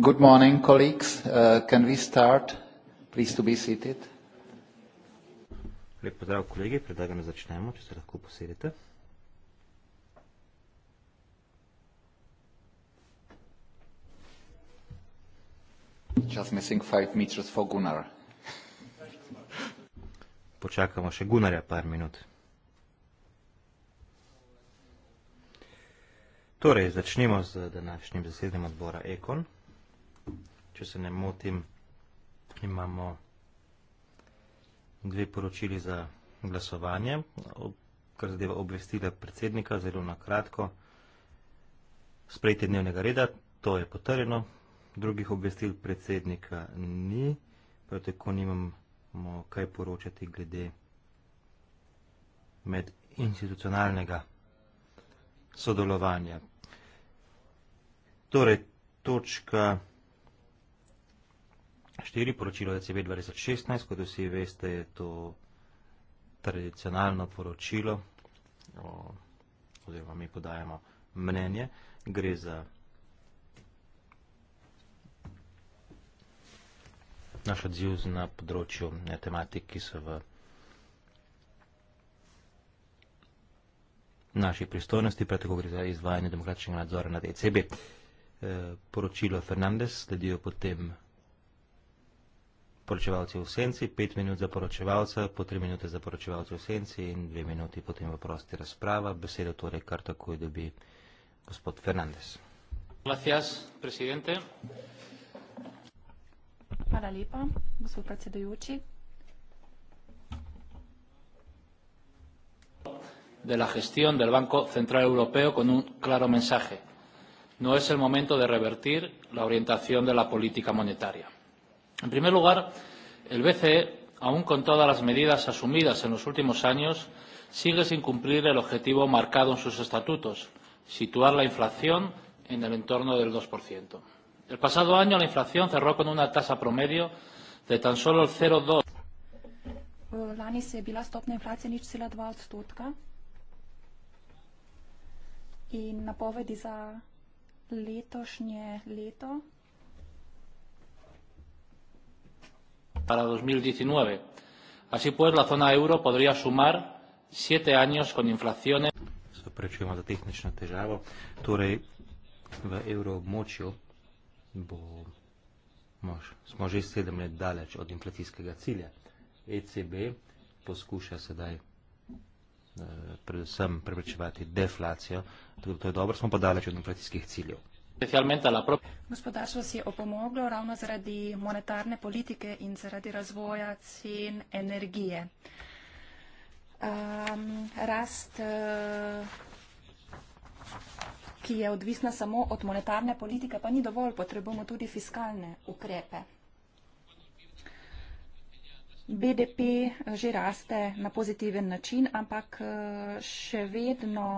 Good morning, colleagues. Uh, can we start? Please to be seated. Lep pozdrav, kolegi. Predlagam, da začnemo, če se lahko posedete. Just missing five meters for Gunnar. Počakamo še Gunnarja par minut. Torej, začnimo z današnjim zasednjem odbora Ekon če se ne motim, imamo dve poročili za glasovanje, kar zadeva obvestila predsednika, zelo na kratko. Sprejte dnevnega reda, to je potrjeno, drugih obvestil predsednika ni, prav tako nimamo kaj poročati glede med institucionalnega sodelovanja. Torej, točka 4, poročilo ECB 2016, kot vsi veste, je to tradicionalno poročilo, o, oziroma mi podajamo mnenje, gre za naš odziv na področju ne, tematik, ki so v naši pristojnosti, prav tako gre za izvajanje demokratičnega nadzora nad ECB. E, poročilo Fernandez, sledijo potem poročevalci v senci, pet minut za poročevalca, po tri minute za poročevalce v senci in dve minuti potem v prosti razprava. Besedo torej kar takoj dobi gospod Fernandez. Gracias, presidente. Hvala lepa, gospod predsedujoči. de la gestión del Banco Central Europeo con un claro mensaje. No es el momento de revertir la orientación de la política monetaria. En primer lugar, el BCE, aun con todas las medidas asumidas en los últimos años, sigue sin cumplir el objetivo marcado en sus estatutos, situar la inflación en el entorno del 2%. El pasado año la inflación cerró con una tasa promedio de tan solo el 0,2%. Eh, lani se je bila stopna inflacije nič cela dva odstotka in napovedi za letošnje leto para dos mil diecinueve. Así pues, la zona euro podría sumar siete años con inflaciones. Prečujemo za tehnično težavo. Torej, v evroobmočju smo že sedem let daleč od inflacijskega cilja. ECB poskuša sedaj eh, predvsem preprečevati deflacijo, tako da to je dobro, smo pa daleč od inflacijskih ciljev especialmente a la propia. Gospodarstvo si je opomoglo ravno zaradi monetarne politike in zaradi razvoja cen energije. Um, rast, eh, ki je odvisna samo od monetarne politike, pa ni dovolj, potrebujemo tudi fiskalne ukrepe. BDP eh, že raste na pozitiven način, ampak eh, še vedno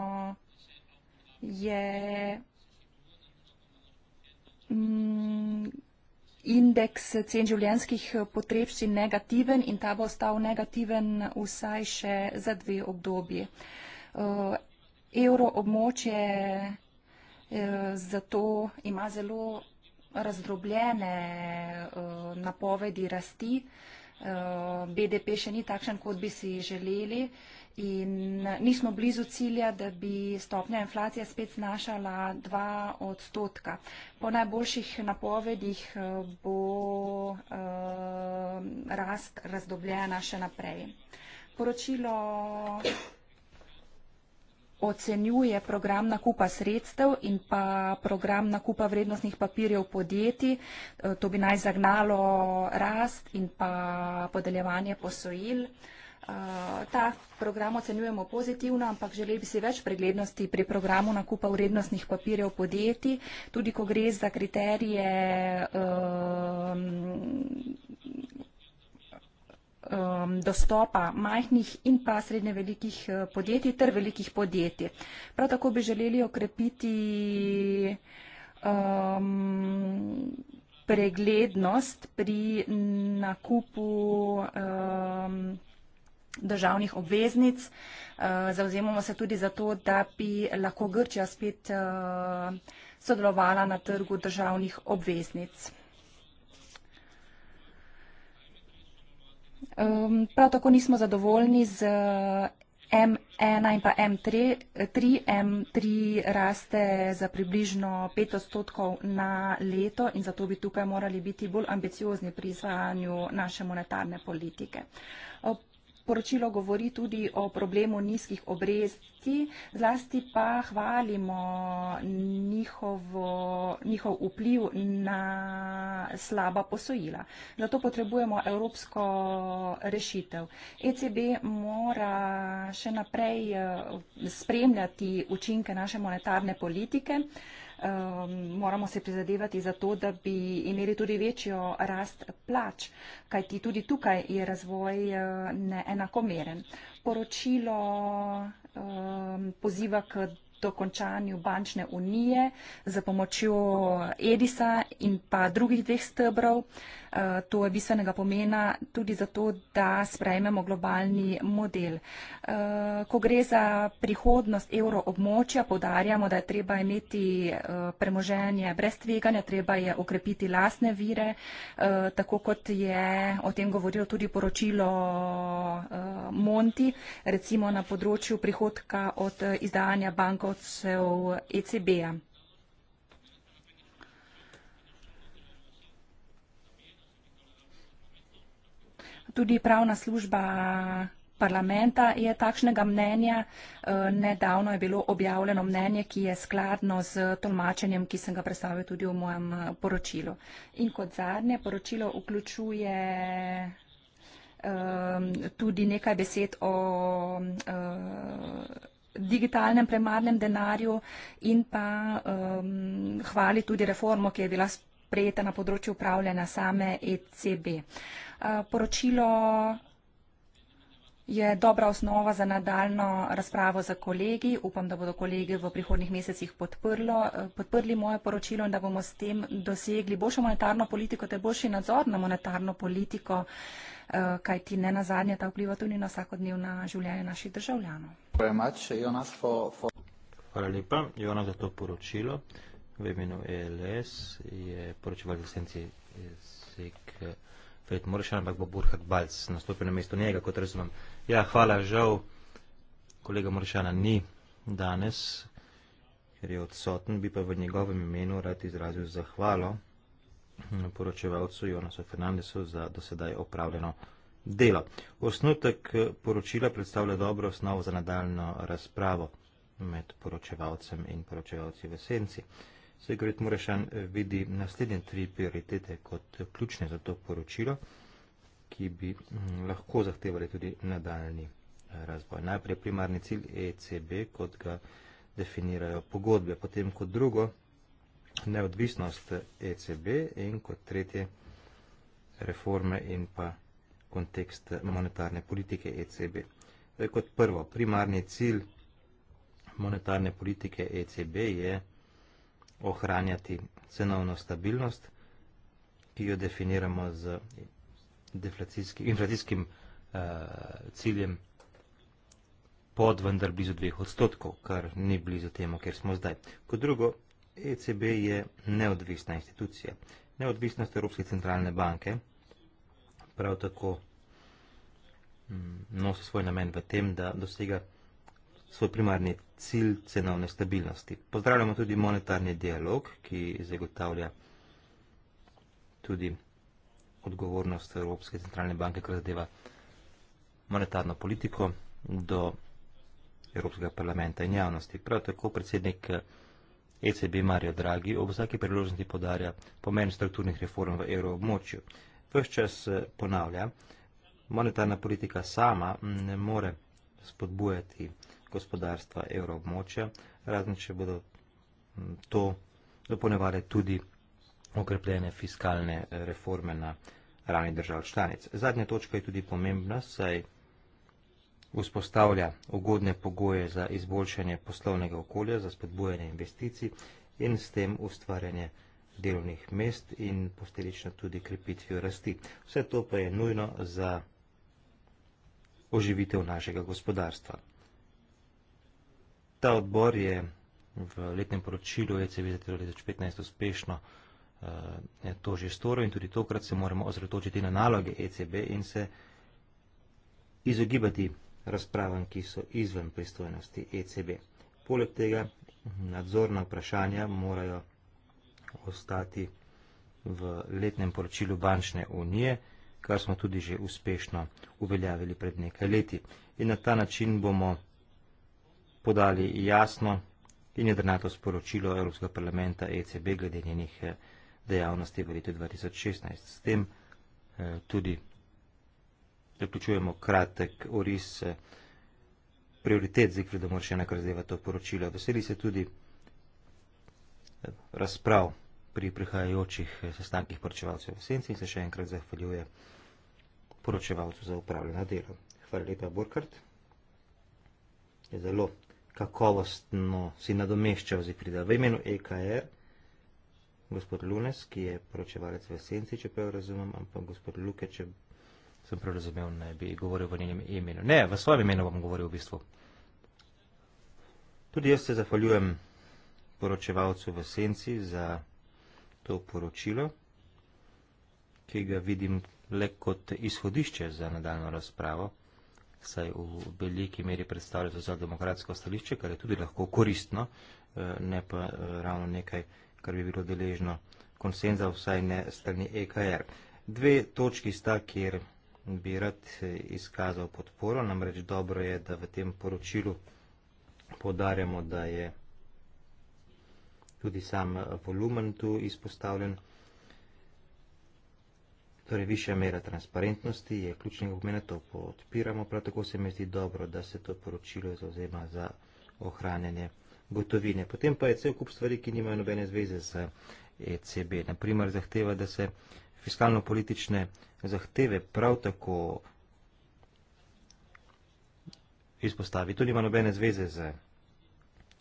je Mm, indeks cen življenskih eh, potrebščin negativen in ta bo ostal negativen vsaj še za dve obdobje. Eh, evro območje eh, zato ima zelo razdrobljene napovedi rasti. BDP še ni takšen, kot bi si želeli in eh, nismo blizu cilja, da bi stopnja inflacije spet znašala 2 odstotka. Po najboljših napovedih eh, bo uh, rast razdobljena še naprej. Poročilo ocenjuje program nakupa sredstev in pa program nakupa vrednostnih papirjev podjetij. To bi naj zagnalo rast in pa podeljevanje posojil. Uh, Eh, ta program ocenjujemo pozitivno, ampak želeli bi si več preglednosti pri programu nakupa vrednostnih papirjev podjetij, tudi ko gre za kriterije. Uh, dostopa majhnih in pa srednje velikih eh, podjetij ter velikih podjetij. Prav tako bi želeli okrepiti um, preglednost pri nakupu um, državnih obveznic. Eh, Zauzemamo se tudi za to, da bi lahko Grčija spet eh, sodelovala na trgu državnih obveznic. Prav tako nismo zadovoljni z eh, M1 in pa M3. M3 raste za približno 5 odstotkov na leto in zato bi tukaj morali biti bolj ambiciozni pri izvajanju naše monetarne politike. Poročilo govori tudi o problemu nizkih obresti, zlasti pa hvalimo njihovo, njihov vpliv na slaba posojila. Zato potrebujemo evropsko rešitev. ECB mora še naprej eh, spremljati učinke naše monetarne politike um, moramo se prizadevati za to, da bi imeli tudi večjo rast plač, kajti tudi tukaj je razvoj eh, neenakomeren. Poročilo um, poziva k dokončanju bančne unije za pomočjo Edisa in pa drugih dveh stebrov. Uh, Eh, to je bistvenega pomena tudi zato, da sprejmemo globalni model. Eh, ko gre za prihodnost evroobmočja, podarjamo, da je treba imeti eh, premoženje brez tveganja, treba je okrepiti lasne vire, tako kot je o tem govorilo tudi poročilo Monti, recimo na področju prihodka od izdajanja bankovcev ECB-a. tudi pravna služba parlamenta je takšnega mnenja. E, nedavno je bilo objavljeno mnenje, ki je skladno z tolmačenjem, ki sem ga predstavil tudi v mojem e, poročilu. In kot zadnje, poročilo vključuje e, tudi nekaj besed o digitalnem premarnem denarju in pa hvali tudi reformo, ki je bila sprejeta na področju upravljanja same ECB. Eh, poročilo je dobra osnova za nadaljno razpravo za kolegi. Upam, da bodo kolegi v prihodnih mesecih podprlo, eh, podprli moje poročilo in da bomo s tem dosegli boljšo monetarno politiko ter boljši nadzor na monetarno politiko, eh, kaj ti ne nazadnje ta vpliva tudi na vsakodnevna življenja naših državljanov. Hvala lepa, Jona, za to poročilo. V imenu ELS je poročival licenci SEK. Iz... Fred Moršan, ampak bo Burhat Balc nastopil na mesto njega, kot razumem. Ja, hvala, žal kolega Moršana ni danes, ker je odsoten, bi pa v njegovem imenu rad izrazil zahvalo poročevalcu Jonasu Fernandesu za dosedaj opravljeno delo. Osnutek poročila predstavlja dobro osnovo za nadaljno razpravo med poročevalcem in poročevalci v senci. Segret Murešan eh, vidi naslednje tri prioritete kot ključne za to poročilo, ki bi mm, lahko zahtevali tudi nadaljni eh, razvoj. Najprej primarni cilj ECB, kot ga definirajo pogodbe, potem kot drugo neodvisnost ECB in kot tretje reforme in pa kontekst monetarne politike ECB. Kot prvo, primarni cilj monetarne politike ECB je, ohranjati cenovno stabilnost, ki jo definiramo z inflacijskim uh, ciljem pod vendar blizu dveh odstotkov, kar ni blizu temu, kjer smo zdaj. Kot drugo, ECB je neodvisna institucija. Neodvisnost Evropske centralne banke prav tako mm, nosi svoj namen v tem, da dosega svoj primarni cilj cenovne stabilnosti. Pozdravljamo tudi monetarni dialog, ki zagotavlja tudi odgovornost Evropske centralne banke, ki razdeva monetarno politiko do Evropskega parlamenta in javnosti. Prav tako predsednik ECB Mario Draghi ob vsaki priložnosti podarja pomen strukturnih reform v evroobmočju. Ves čas eh, ponavlja, monetarna politika sama ne more spodbujati gospodarstva evroobmočja, razen če bodo to dopolnevale tudi okrepljene fiskalne eh, reforme na ravni držav članic. Zadnja točka je tudi pomembna, saj vzpostavlja ugodne pogoje za izboljšanje poslovnega okolja, za spodbujanje investicij in s tem ustvarjanje delovnih mest in posledično tudi krepitvijo rasti. Vse to pa je nujno za oživitev našega gospodarstva. Ta odbor je v letnem poročilu ECV za 2015 uspešno uh, to že storil in tudi tokrat se moramo ozretočiti na naloge ECB in se izogibati razpravam, ki so izven pristojnosti ECB. Poleg tega nadzorna vprašanja morajo ostati v letnem poročilu Bančne unije, kar smo tudi že uspešno uveljavili pred nekaj leti. In na ta način bomo podali jasno in jedrnato sporočilo Evropskega parlamenta ECB glede njenih eh, dejavnosti v letu 2016. S tem eh, tudi zaključujemo kratek oris eh, prioritet Zikreda Moršena, kar zdaj to poročilo. Veseli se tudi razprav pri prihajajočih sestankih poročevalcev v Senci in se še enkrat zahvaljuje poročevalcu za upravljeno delo. Hvala lepa, Burkart. Je zelo kakovostno si nadomeščajo z prida. V imenu EKR, e, gospod Lunes, ki je poročevalec v esenci, če prav razumem, ampak gospod Luke, če sem prav razumel, ne bi govoril v njenem imenu. Ne, v svojem imenu bom govoril v bistvu. Tudi jaz se zahvaljujem poročevalcu v esenci za to poročilo, ki ga vidim le kot izhodišče za nadaljno razpravo saj v veliki meri predstavlja socialdemokratsko stališče, kar je tudi lahko koristno, eh, ne pa eh, ravno nekaj, kar bi bilo deležno konsenza, vsaj ne strani EKR. Dve točki sta, kjer bi rad eh, izkazal podporo, namreč dobro je, da v tem poročilu podarjamo, da je tudi sam volumen tu izpostavljen. Torej, višja mera transparentnosti je ključnega pomena, to podpiramo, prav tako se mi zdi dobro, da se to poročilo zauzema za ohranjanje gotovine. Potem pa je cel kup stvari, ki nimajo nobene zveze z ECB. Naprimer, zahteva, da se fiskalno-politične zahteve prav tako izpostavi. To nima nobene zveze z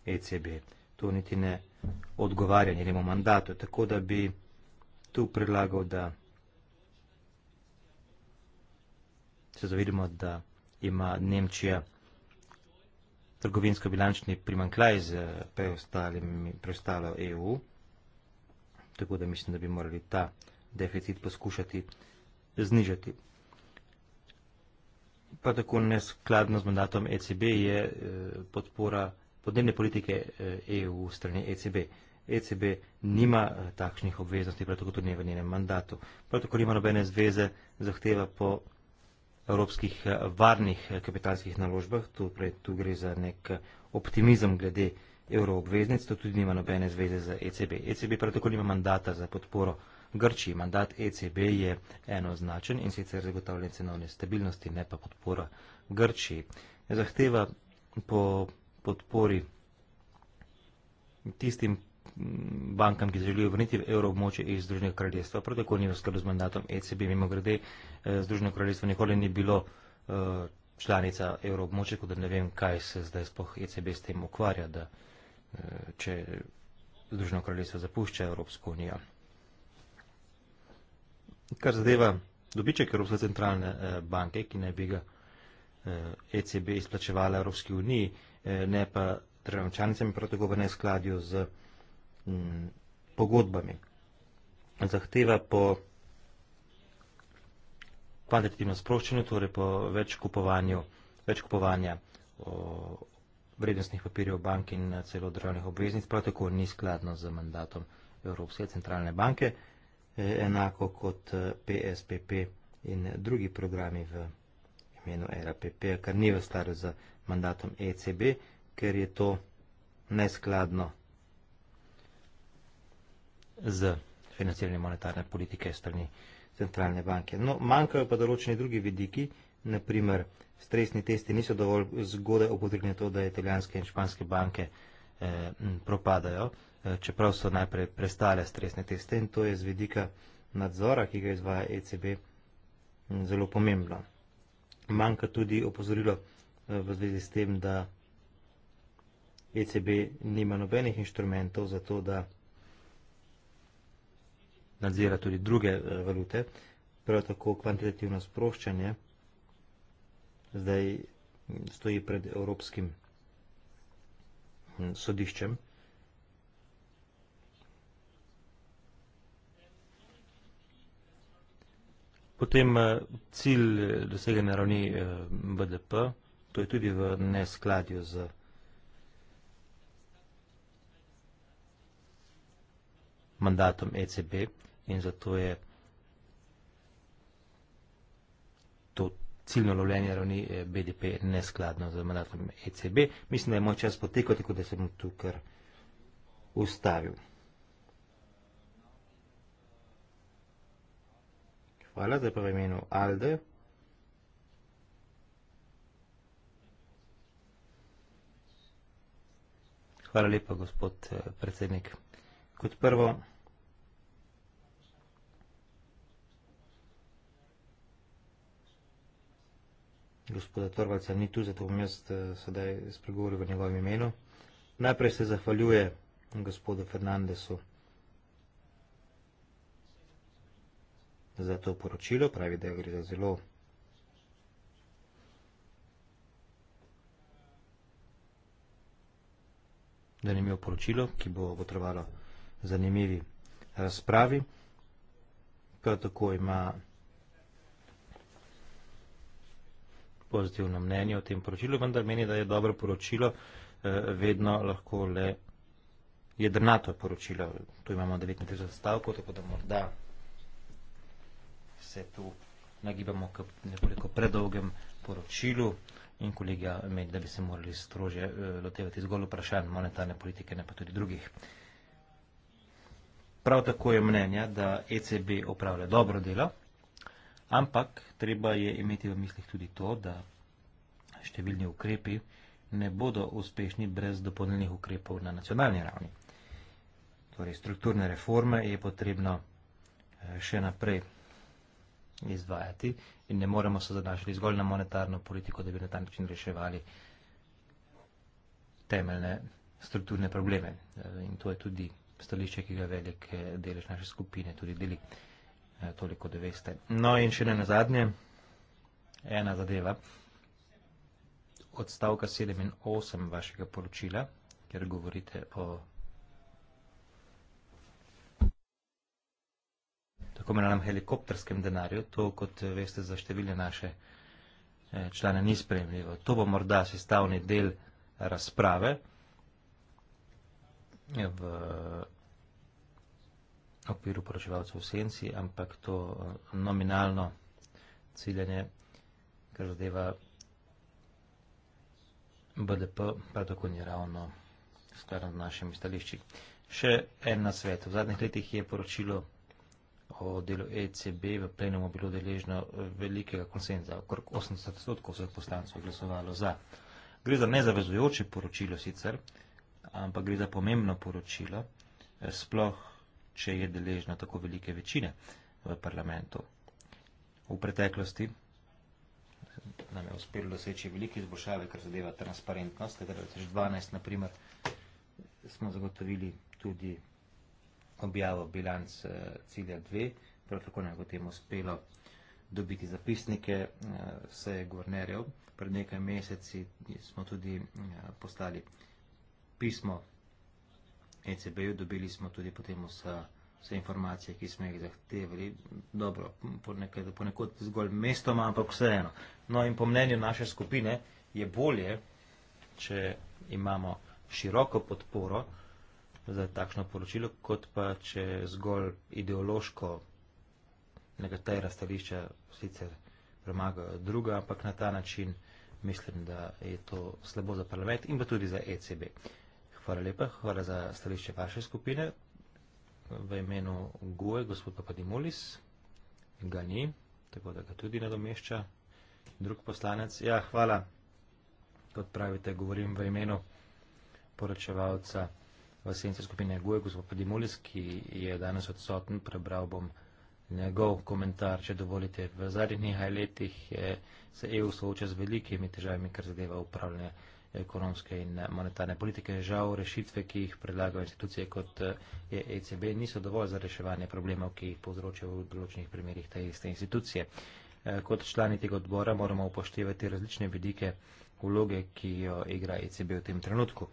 ECB. To niti ne odgovarja njenemu mandatu. Tako da bi tu predlagal, da. se zavedamo, da ima Nemčija trgovinsko-bilančni primankljaj z preostalo EU, tako da mislim, da bi morali ta deficit poskušati znižati. Pa tako neskladno z mandatom ECB je eh, podpora podnebne politike EU eh, e v strani ECB. ECB nima eh, takšnih obveznosti, prav tako tudi ne v njenem mandatu. Prav tako nima nobene zveze zahteva po evropskih eh, varnih eh, kapitalskih naložbah, tu, pre, tu gre za nek eh, optimizem glede evroobveznic, to tudi nima nobene zveze z ECB. ECB prav tako nima mandata za podporo Grčiji. Mandat ECB je enoznačen in sicer zagotavljanje cenovne stabilnosti, ne pa podpora Grčiji. Zahteva po podpori tistim bankam, ki želijo vrniti v evroobmoče iz Združenega kraljestva. Prav tako ni v skladu z mandatom ECB. Mimo grede, eh, Združeno kraljestvo nikoli ni bilo eh, članica evroobmoče, tako da ne vem, kaj se zdaj spoh ECB s tem ukvarja, da eh, če Združeno kraljestvo zapušča Evropsko unijo. Kar zadeva dobiček Evropske centralne banke, ki naj bi ga ECB e izplačevala Evropski uniji, ne pa državčanicami, prav tako v neskladju z Evropsko unijo m, mm, pogodbami. Zahteva po kvantitativnem sproščanju, torej po več, več kupovanja o, vrednostnih papirjev bank in celo državnih obveznic, prav tako ni skladno z mandatom Evropske centralne banke, e, enako kot PSPP e, in drugi programi v imenu RAPP, kar ni v skladu z mandatom ECB, ker je to neskladno z financiranjem monetarne politike strani centralne banke. No, manjkajo pa določeni drugi vidiki, naprimer stresni testi niso dovolj zgodaj opotrgni to, da italijanske in španske banke eh, propadajo, eh, čeprav so najprej prestale stresne teste in to je z vidika nadzora, ki ga izvaja ECB, zelo pomembno. Manjka tudi opozorilo eh, v zvezi s tem, da ECB nima nobenih inštrumentov za to, da nadzira tudi druge eh, valute, prav tako kvantitativno sproščanje zdaj mm, stoji pred Evropskim mm, sodiščem. Potem eh, cilj eh, dosegane ravni BDP, to je tudi v neskladju z vsega, mandatom ECB in zato je to ciljno lovljenje ravni eh, BDP neskladno z mandatom ECB. Mislim, da je moj čas potekal, tako da sem tukaj ustavil. Hvala, zdaj pa v imenu Alde. Hvala lepa, gospod eh, predsednik kot prvo gospoda Torvalca ni tu, zato bom jaz eh, sedaj spregovoril v njegovem imenu. Najprej se zahvaljuje gospodu Fernandesu za to poročilo, pravi, da gre za zelo zanimivo poročilo, ki bo potrebalo vsega zanimivi razpravi. Prav tako ima pozitivno mnenje o tem poročilu, vendar meni, da je dobro poročilo, eh, vedno lahko le jedrnato poročilo. Tu imamo 39 stavkov, tako da morda se tu nagibamo k nekoliko predolgem poročilu in kolegija meni, da bi se morali strože eh, lotevati zgolj vprašanj monetarne politike, ne pa tudi drugih. Prav tako je mnenja, da ECB opravlja dobro delo, ampak treba je imeti v mislih tudi to, da številni ukrepi ne bodo uspešni brez dopolnilnih ukrepov na nacionalni ravni. Torej, strukturne reforme je potrebno eh, še naprej izvajati in ne moremo se zanašati zgolj na monetarno politiko, da bi na ta način reševali temeljne strukturne probleme. Eh, in to je tudi stališče, ki ga velik eh, delež naše skupine tudi deli, eh, toliko, da veste. No in še ne na zadnje, ena zadeva, odstavka 7 in 8 vašega poročila, kjer govorite o tako menanem helikopterskem denarju, to kot veste za številne naše eh, člane ni spremljivo. To bo morda sestavni del razprave, kjer govorite o helikopterskem denarju v okviru poročevalcev v senci, ampak to eh, nominalno ciljanje, kar zadeva BDP, pa tako ni ravno skladno z našimi stališči. Še en na svet. V zadnjih letih je poročilo o delu ECB v plenumu bilo deležno eh, velikega konsenza. Okrog 80% vseh poslancev je glasovalo za. Gre za nezavezujoče poročilo sicer, ampak gre za pomembno poročilo, eh, sploh če je deležna tako velike večine v parlamentu. V preteklosti nam je uspelo doseči velike izboljšave, kar zadeva transparentnost. Tega 2012, naprimer, smo zagotovili tudi objavo bilanc eh, cilja 2, prav tako nam je potem uspelo dobiti zapisnike vse eh, guvernerjev. Pred nekaj meseci smo tudi postali vsega pismo ECB-ju, dobili smo tudi potem vse, vse informacije, ki smo jih zahtevali, dobro, ponekod zgolj mestoma, ampak vseeno. No in po mnenju naše skupine je bolje, če imamo široko podporo za takšno poročilo, kot pa če zgolj ideološko nekatera stališča sicer premagajo druga, ampak na ta način mislim, da je to slabo za parlament in pa tudi za ECB-ju. Hvala lepa, hvala za stališče vaše skupine. V imenu Gue, gospod Papadimulis, ga ni, tako da ga tudi nadomešča. Drug poslanec, ja, hvala. Kot pravite, govorim v imenu poročevalca v senci skupine Gue, gospod Papadimulis, ki je danes odsoten, prebral bom njegov komentar, če dovolite. V zadnjih nekaj letih je, se EU sooča z velikimi težavami, kar zadeva upravljanje ekonomske in monetarne politike. Žal rešitve, ki jih predlagajo institucije kot eh, je ECB, niso dovolj za reševanje problemov, ki jih povzročajo v določenih primerjih te iste institucije. Eh, kot člani tega odbora moramo upoštevati različne vidike vloge, ki jo igra ECB v tem trenutku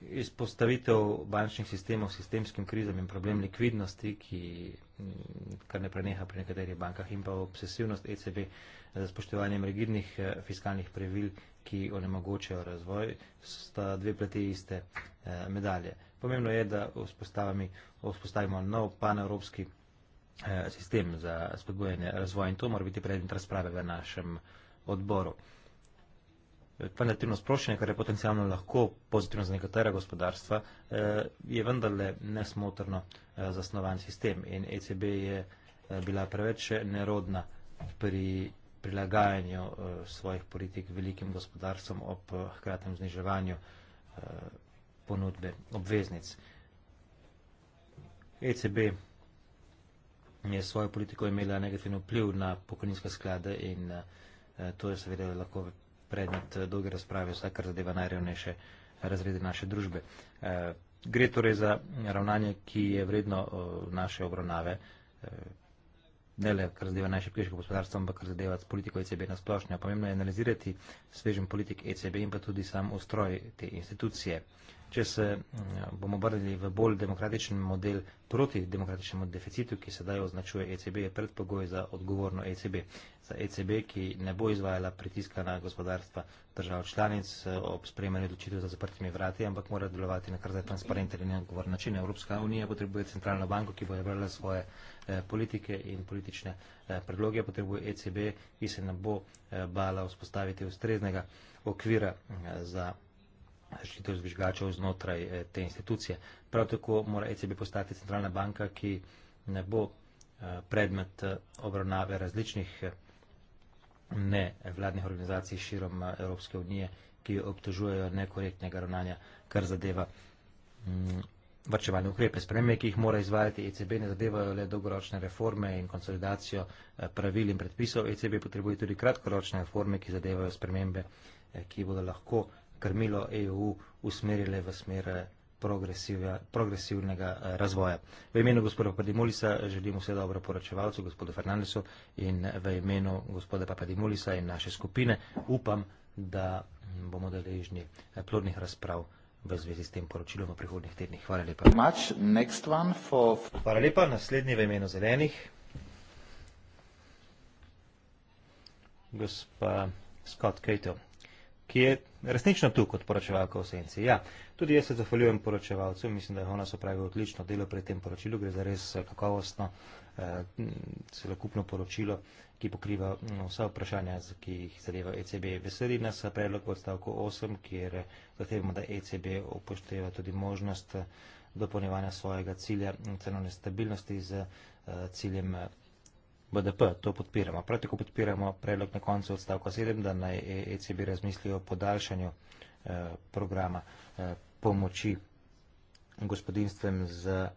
izpostavitev bančnih sistemov sistemskim krizam in problem likvidnosti, ki mm, kar ne preneha pri nekaterih bankah in pa obsesivnost ECB za spoštovanjem rigidnih eh, fiskalnih pravil, ki onemogočajo razvoj, sta dve plati iste eh, medalje. Pomembno je, da vzpostavimo nov panevropski eh, sistem za spodbojanje razvoja in to mora biti predmet razprave v našem odboru kvalitativno sprošenje, kar je potencijalno lahko pozitivno za nekatera gospodarstva, eh, je vendarle nesmotrno eh, zasnovan sistem in ECB je eh, bila preveč nerodna pri prilagajanju svojih politik velikim gospodarstvom ob hkratnem zniževanju ponudbe obveznic. ECB je svojo politiko imela negativno vpliv na pokojninske sklade in to je seveda lahko predmet eh, dolge razprave, vsaj kar zadeva najrevnejše razrede naše družbe. Eh, gre torej za ravnanje, ki je vredno eh, naše obravnave ne le kar zadeva najšipkejšega gospodarstva, ampak kar zadeva politiko ECB na splošno. Pomembno je analizirati svežen politik ECB in pa tudi sam ustroj te institucije. Če se mm, bomo obrnili v bolj demokratičen model proti demokratičnemu deficitu, ki sedaj označuje ECB, je predpogoj za odgovorno ECB. Za ECB, ki ne bo izvajala pritiska na gospodarstva držav članic eh, ob sprejemanju odločitev za zaprtimi vrati, ampak mora delovati na kar zdaj transparenten in odgovoren način. Evropska unija potrebuje centralno banko, ki bo izvajala svoje Eh, politike in politične eh, predloge potrebuje ECB, ki se ne bo eh, bala vzpostaviti ustreznega okvira za zaščito zvižgačev znotraj te institucije. Prav tako mora ECB postati centralna banka, ki ne bo predmet obravnave različnih ne vladnih organizacij širom Evropske unije, ki obtožujejo nekorektnega ravnanja, kar zadeva mm, vrčevalne ukrepe. Spremembe, ki jih mora izvajati ECB, ne zadevajo le dolgoročne reforme in konsolidacijo eh, pravil in predpisov. ECB potrebuje tudi kratkoročne reforme, ki zadevajo spremembe, eh, ki bodo lahko krmilo EU usmerile v smer eh, progresivnega razvoja. V imenu gospoda Papadimulisa želim vse dobro poročevalcu, gospodu Fernandesu in v imenu gospoda Papadimulisa in naše skupine upam, da bomo deležni plodnih razprav v zvezi s tem poročilom v prihodnih tednih. Hvala lepa. Hvala lepa. Naslednji v imenu zelenih. Gospa Scott Cato ki je resnično tu kot poročevalka v senci. Ja, tudi jaz se zahvaljujem poročevalcu, mislim, da je ona opravila odlično delo pri tem poročilu, gre za res eh, kakovostno eh, celokupno poročilo, ki pokriva mm, vsa vprašanja, ki jih zadeva ECB. Veseli nas eh, predlog v odstavku 8, kjer zahtevamo, da ECB upošteva tudi možnost dopolnjevanja svojega cilja mm, cenovne stabilnosti z ciljem BDP, to podpiramo. Prav tako podpiramo predlog na koncu odstavka 7, da naj ECB razmisli o podaljšanju eh, programa eh, pomoči gospodinstvem z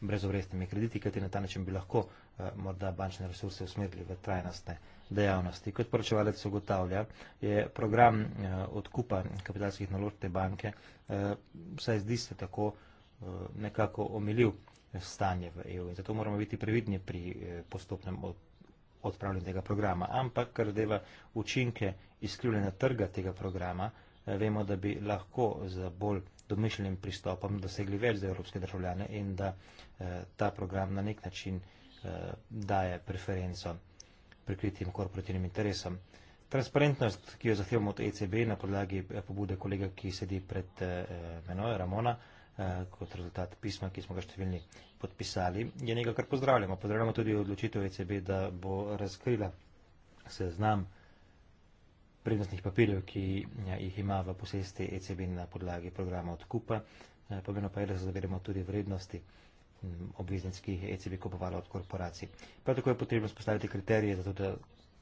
brezovrestnimi krediti, kajti na ta način bi lahko eh, morda bančne resurse usmerili v trajnostne dejavnosti. Kot poročevalec ugotavlja, je program odkupa kapitalskih naložb te banke, vsaj zdi se tako, nekako omiljiv stanje v EU. In zato moramo biti previdni pri eh, postopnem odpravljanju tega programa. Ampak, ker zadeva učinke izkrivljena trga tega programa, eh, vemo, da bi lahko z bolj domišljenim pristopom dosegli več za evropske državljane in da eh, ta program na nek način daje preferenco prikritim korporativnim interesom. Transparentnost, ki jo zahtevamo od ECB na podlagi pobude kolega, ki sedi pred menoj, Ramona, kot rezultat pisma, ki smo ga številni podpisali, je nekaj, kar pozdravljamo. Pozdravljamo tudi odločitev ECB, da bo razkrila seznam prednostnih papirjev, ki ja, jih ima v posesti ECB na podlagi programa odkupa. Eh, pomembno pa je, da se zaviramo tudi vrednosti mm, obveznic, ki jih ECB e kupovala od korporacij. Prav tako je potrebno spostaviti kriterije za to, da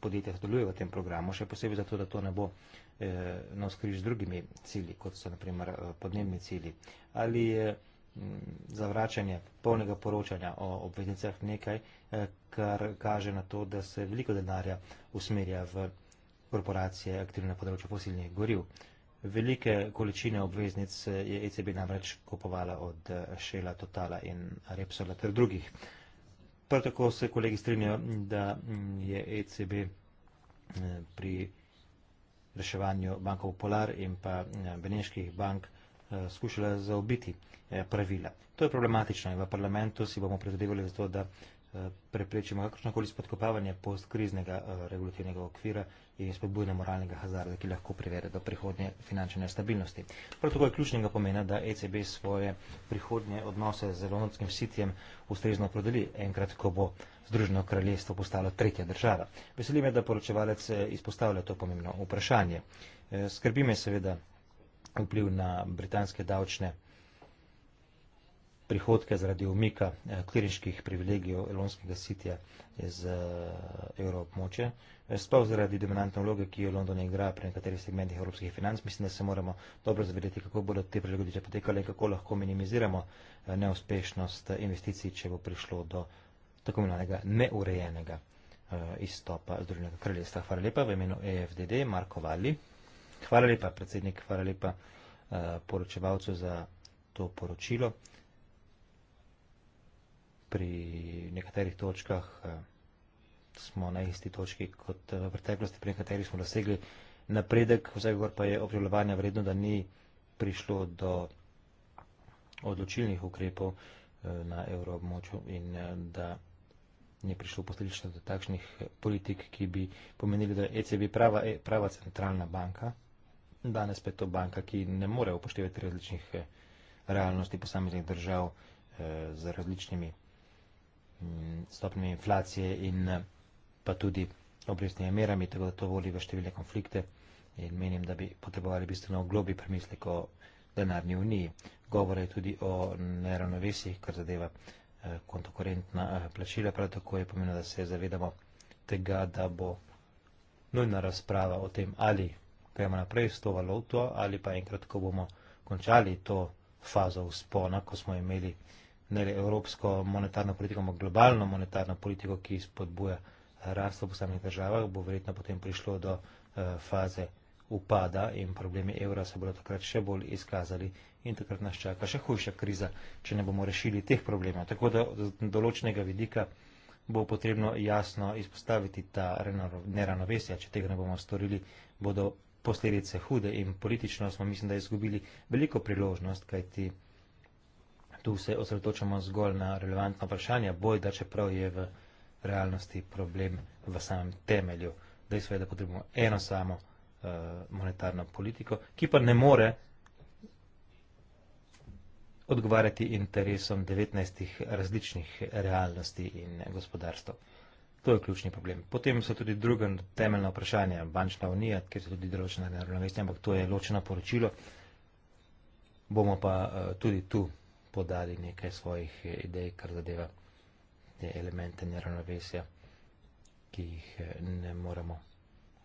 podjetja sodeluje v tem programu, še posebej zato, da to ne bo eh, na skriž z drugimi cilji, kot so naprimer eh, podnebni cilji. Ali je eh, zavračanje polnega poročanja o obveznicah nekaj, eh, kar kaže na to, da se veliko denarja usmerja v korporacije aktivne področje fosilnih goriv. Velike količine obveznic eh, je ECB namreč kupovala od Šela, eh, Totala in Repsola ter drugih. Prav tako se kolegi strinjajo, da mm, je ECB pri reševanju bankov Polar in pa Beneških bank Eh, skušala zaobiti eh, pravila. To je problematično in v parlamentu si bomo prizadevali za to, da eh, preprečimo kakršnokoli spodkopavanje postkriznega regulativnega okvira in spodbujne moralnega hazarda, ki lahko privede do prihodnje finančne stabilnosti. Prav tako je ključnega pomena, da ECB svoje prihodnje odnose z londonskim sitjem ustrezno prodeli, enkrat, ko bo Združeno kraljestvo postalo tretja država. Veseli me, da poročevalec izpostavlja to pomembno vprašanje. Skrbi me seveda vpliv na britanske davčne prihodke zaradi umika eh, kliniških privilegijev londonskega sitja iz eh, evroobmočja. Eh, sploh zaradi dominantne vloge, ki jo London igra pri nekaterih segmentih evropskih financ, mislim, da se moramo dobro zavedeti, kako bodo te prilagoditve potekale in kako lahko minimiziramo neuspešnost investicij, če bo prišlo do tako imenovanega neurejenega izstopa Združenega kraljestva. Hvala lepa v imenu EFDD, Marko Valli. Hvala lepa, predsednik, hvala lepa eh, poročevalcu za to poročilo. Pri nekaterih točkah eh, smo na isti točki kot eh, v preteklosti, pri nekaterih smo dosegli napredek, vse gor pa je obžalovanja vredno, da ni prišlo do odločilnih ukrepov na evroobmočju in da ni prišlo posledično do takšnih politik, ki bi pomenili, da ECB je e prava, prava centralna banka, danes pa je to banka, ki ne more upoštevati različnih eh, realnosti posameznih držav eh, z različnimi mm, stopnimi inflacije in eh, pa tudi obrestnimi merami, tako da to voli v številne konflikte in menim, da bi potrebovali bistveno globi premislek o denarni uniji. Govore je tudi o neravnovesjih, kar zadeva kontokorentna plačila, prav tako je pomeno, da se zavedamo tega, da bo nujna razprava o tem, ali gremo naprej s to valuto ali pa enkrat, ko bomo končali to fazo vzpona, ko smo imeli ne le evropsko monetarno politiko, ampak globalno monetarno politiko, ki spodbuja rast v posameznih državah, bo verjetno potem prišlo do uh, faze upada in problemi evra se bodo takrat še bolj izkazali in takrat nas čaka še hujša kriza, če ne bomo rešili teh problemov. Tako da z določnega vidika bo potrebno jasno izpostaviti ta neravnovesja. Če tega ne bomo storili, bodo posledice hude in politično smo, mislim, da izgubili veliko priložnost, kajti tu se osredotočamo zgolj na relevantno vprašanje, boj, da čeprav je v realnosti problem v samem temelju. Dejstvo je, da potrebujemo eno samo uh, monetarno politiko, ki pa ne more odgovarjati interesom 19 različnih realnosti in gospodarstva. To je ključni problem. Potem so tudi druga temeljna vprašanja, bančna unija, kjer so tudi določena ravnovesja, ampak to je ločeno poročilo. Bomo pa eh, tudi tu podali nekaj svojih eh, idej, kar zadeva te elemente neravnovesja, ki jih eh, ne moremo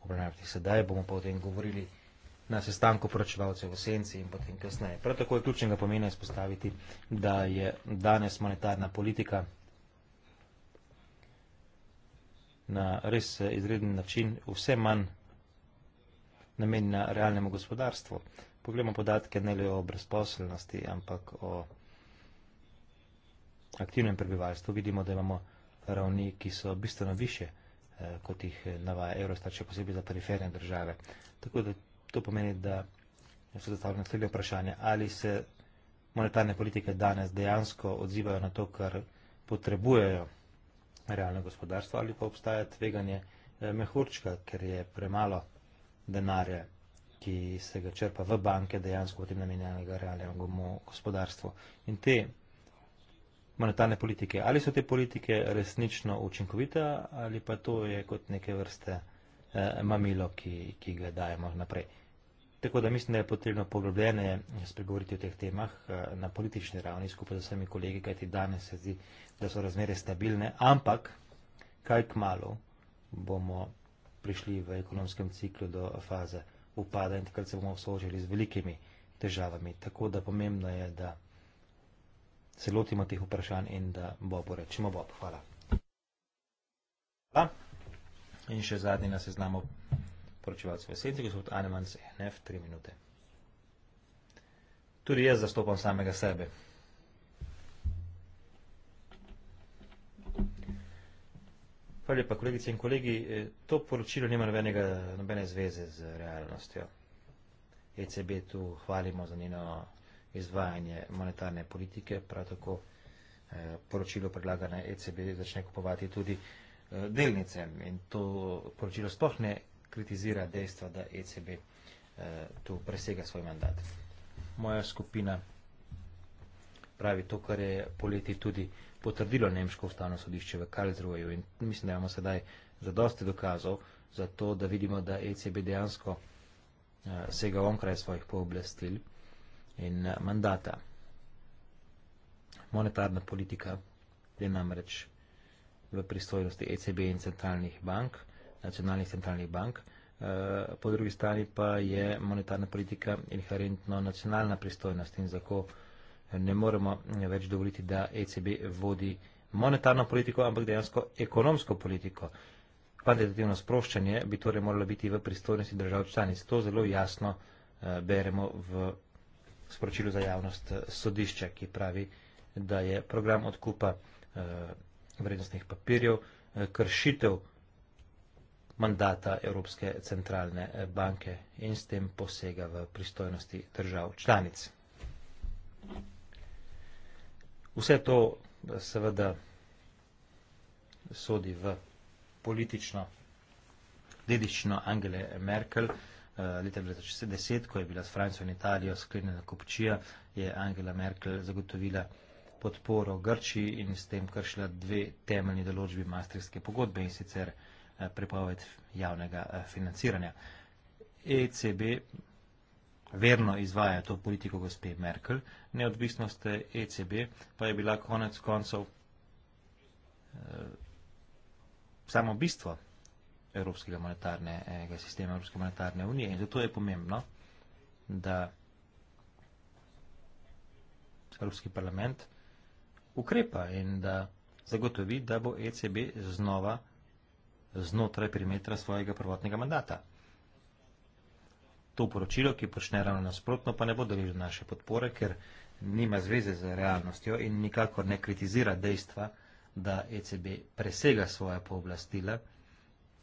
obravnavati sedaj. Bomo pa o tem govorili na sestanku poročevalcev v senci in potem kasneje. Prav tako je ključnega pomena izpostaviti, da je danes monetarna politika na res eh, izreden način vse manj namenjena realnemu gospodarstvu. Poglejmo podatke ne le o brezposelnosti, ampak o aktivnem prebivalstvu. Vidimo, da imamo ravni, ki so bistveno više, eh, kot jih eh, navaja Eurostar, še posebej za periferne države. Tako da to pomeni, da se zastavlja naslednje vprašanje, ali se monetarne politike danes dejansko odzivajo na to, kar potrebujejo realno gospodarstvo ali pa obstaja tveganje eh, mehurčka, ker je premalo denarja, ki se ga črpa v banke, dejansko v tem namenjenega realnemu gospodarstvu. In te monetarne politike, ali so te politike resnično učinkovite ali pa to je kot neke vrste eh, mamilo, ki, ki ga dajemo naprej. Tako da mislim, da je potrebno poglobljene spregovoriti o teh temah eh, na politični ravni skupaj z vsemi kolegi, kajti danes se zdi, da so razmere stabilne, ampak kaj k malu bomo prišli v ekonomskem ciklu do faze upada in takrat se bomo soočili z velikimi težavami. Tako da pomembno je, da se lotimo teh vprašanj in da Bobu rečemo Bob. Hvala. Hvala. In še zadnji na seznamu poročevalcem veseti, gospod Anemans NF, tri minute. Tudi jaz zastopam samega sebe. Hvala lepa, kolegice in kolegi, e, to poročilo nima nobenega, nobene zveze z realnostjo. ECB tu hvalimo za njeno izvajanje monetarne politike, prav tako e, poročilo predlagane ECB začne kupovati tudi e, delnice in to poročilo sploh ne kritizira dejstva, da ECB eh, tu presega svoj mandat. Moja skupina pravi to, kar je poleti tudi potrdilo Nemško ustavno sodišče v Karlsruheju in mislim, da imamo sedaj za dosti dokazov za to, da vidimo, da ECB dejansko eh, sega onkraj svojih pooblastil in eh, mandata. Monetarna politika je namreč v pristojnosti ECB in centralnih bank nacionalnih centralnih bank, eh, po drugi strani pa je monetarna politika inherentno nacionalna pristojnost in zato ne moremo več dovoliti, da ECB vodi monetarno politiko, ampak dejansko ekonomsko politiko. Kvantitativno sproščanje bi torej moralo biti v pristojnosti držav članic. To zelo jasno eh, beremo v sporočilu za javnost eh, sodišča, ki pravi, da je program odkupa vrednostnih papirjev kršitev mandata Evropske centralne eh, banke in s tem posega v pristojnosti držav članic. Vse to eh, seveda sodi v politično dedično Angele Merkel. Eh, leta 2010, ko je bila s Francijo in Italijo sklenjena kopčija, je Angela Merkel zagotovila podporo Grči in s tem kršila dve temeljni določbi maastrichtske pogodbe in sicer Eh, prepoved javnega eh, financiranja. ECB verno izvaja to politiko gospe Merkel, neodvisnost ECB pa je bila konec koncev eh, samo bistvo Evropskega monetarnega sistema, Evropske monetarne unije in zato je pomembno, da Evropski parlament ukrepa in da zagotovi, da bo ECB znova vsega znotraj perimetra svojega prvotnega mandata. To poročilo, ki počne ravno nasprotno, pa ne bo deležno naše podpore, ker nima zveze z realnostjo in nikakor ne kritizira dejstva, da ECB presega svoje pooblastila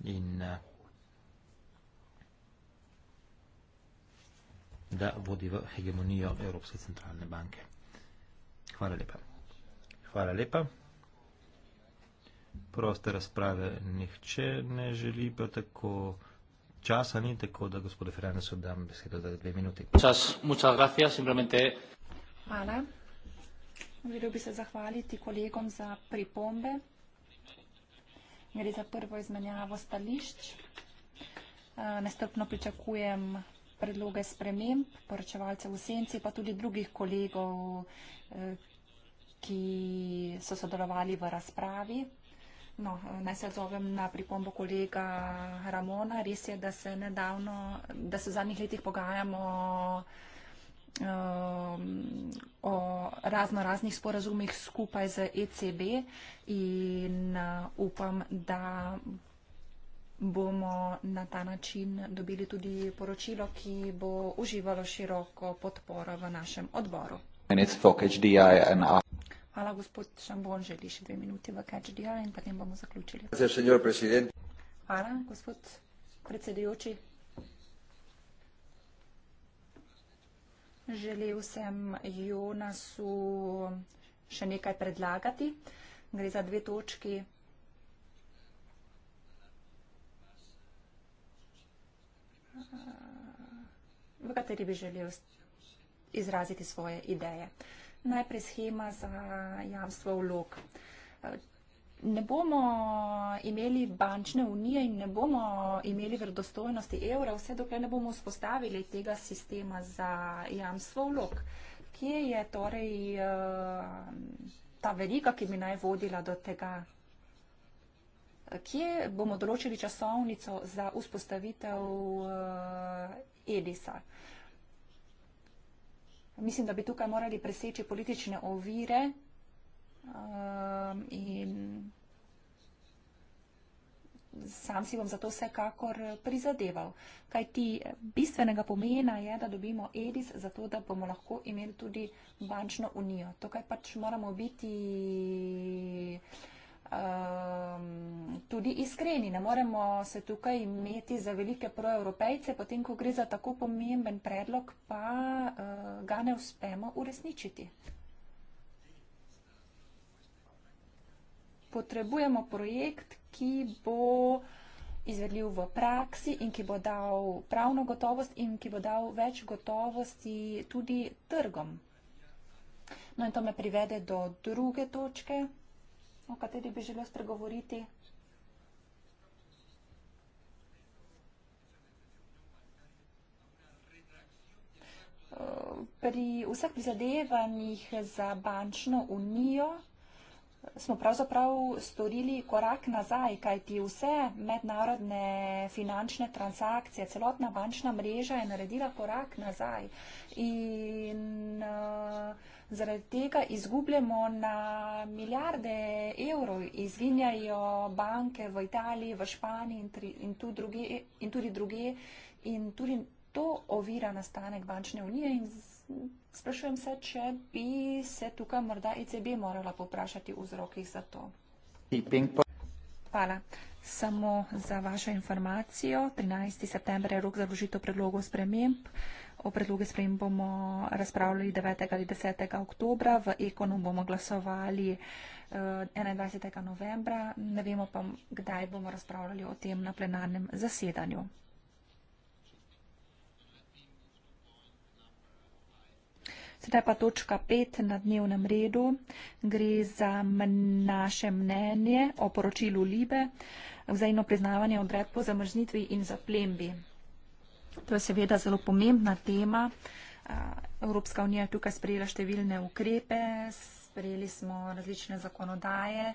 in eh, da vodi v hegemonijo Evropske centralne banke. Hvala lepa. Hvala lepa proste razprave nihče ne želi, pa tako časa ni, tako da gospodu Ferranesu dam besedo za dve minuti. Čas, muchas gracias, simplemente. Hvala. Želel bi se zahvaliti kolegom za pripombe. Gre za prvo izmenjavo stališč. Eh, Nestrpno pričakujem predloge sprememb, poročevalcev v senci, pa tudi drugih kolegov, eh, ki so sodelovali v razpravi. No, naj se odzovem na pripombo kolega Ramona. Res je, da se, nedavno, da se v zadnjih letih pogajamo um, o, o razno raznih sporazumih skupaj z ECB in uh, upam, da bomo na ta način dobili tudi poročilo, ki bo uživalo široko podporo v našem odboru. And it's for HDI and our Hvala, gospod Šambon, želi še dve minuti v catch the eye in potem bomo zaključili. Hvala, gospod predsedujoči. Želel sem Jonasu še nekaj predlagati. Gre za dve točki. V kateri bi želel izraziti svoje ideje najprej schema za jamstvo vlog. Eh, ne bomo imeli bančne unije in ne bomo imeli vredostojnosti evra, vse dokler ne bomo vzpostavili tega sistema za jamstvo vlog. Kje je torej eh, ta verika, ki bi naj vodila do tega? Eh, kje bomo določili časovnico za vzpostavitev Edisa? Mislim, da bi tukaj morali preseči politične ovire um, in sam si bom za to vsekakor prizadeval. Kaj ti bistvenega pomena je, da dobimo EDIS za to, da bomo lahko imeli tudi bančno unijo. Tukaj pač moramo biti um, tudi iskreni. Ne moremo se tukaj imeti za velike proevropejce, potem, ko gre za tako pomemben predlog, pa uh, ga ne uspemo uresničiti. Potrebujemo projekt, ki bo izvedljiv v praksi in ki bo dal pravno gotovost in ki bo dal več gotovosti tudi trgom. No in to me privede do druge točke o kateri bi želel spregovoriti. Pri vseh prizadevanjih za bančno unijo smo pravzaprav storili korak nazaj, kajti vse mednarodne finančne transakcije, celotna bančna mreža je naredila korak nazaj. In uh, zaradi tega izgubljamo na milijarde evrov, izginjajo banke v Italiji, v Španiji in, tri, in, druge, in tudi druge. In tudi to ovira nastanek bančne unije in z, Sprašujem se, če bi se tukaj morda ECB morala poprašati v vzrokih za to. Hvala. Samo za vašo informacijo. 13. september je rok za vložitev predlogov sprememb. O predloge sprememb bomo razpravljali 9. ali 10. oktobra. V Ekonu bomo glasovali 21. Eh, novembra. Ne vemo pa, kdaj bomo razpravljali o tem na plenarnem zasedanju. Tretja pa točka pet na dnevnem redu gre za naše mnenje o poročilu Libe, vzajno priznavanje odred po zamrznitvi in zaplembi. To je seveda zelo pomembna tema. Evropska unija je tukaj sprejela številne ukrepe, sprejeli smo različne zakonodaje.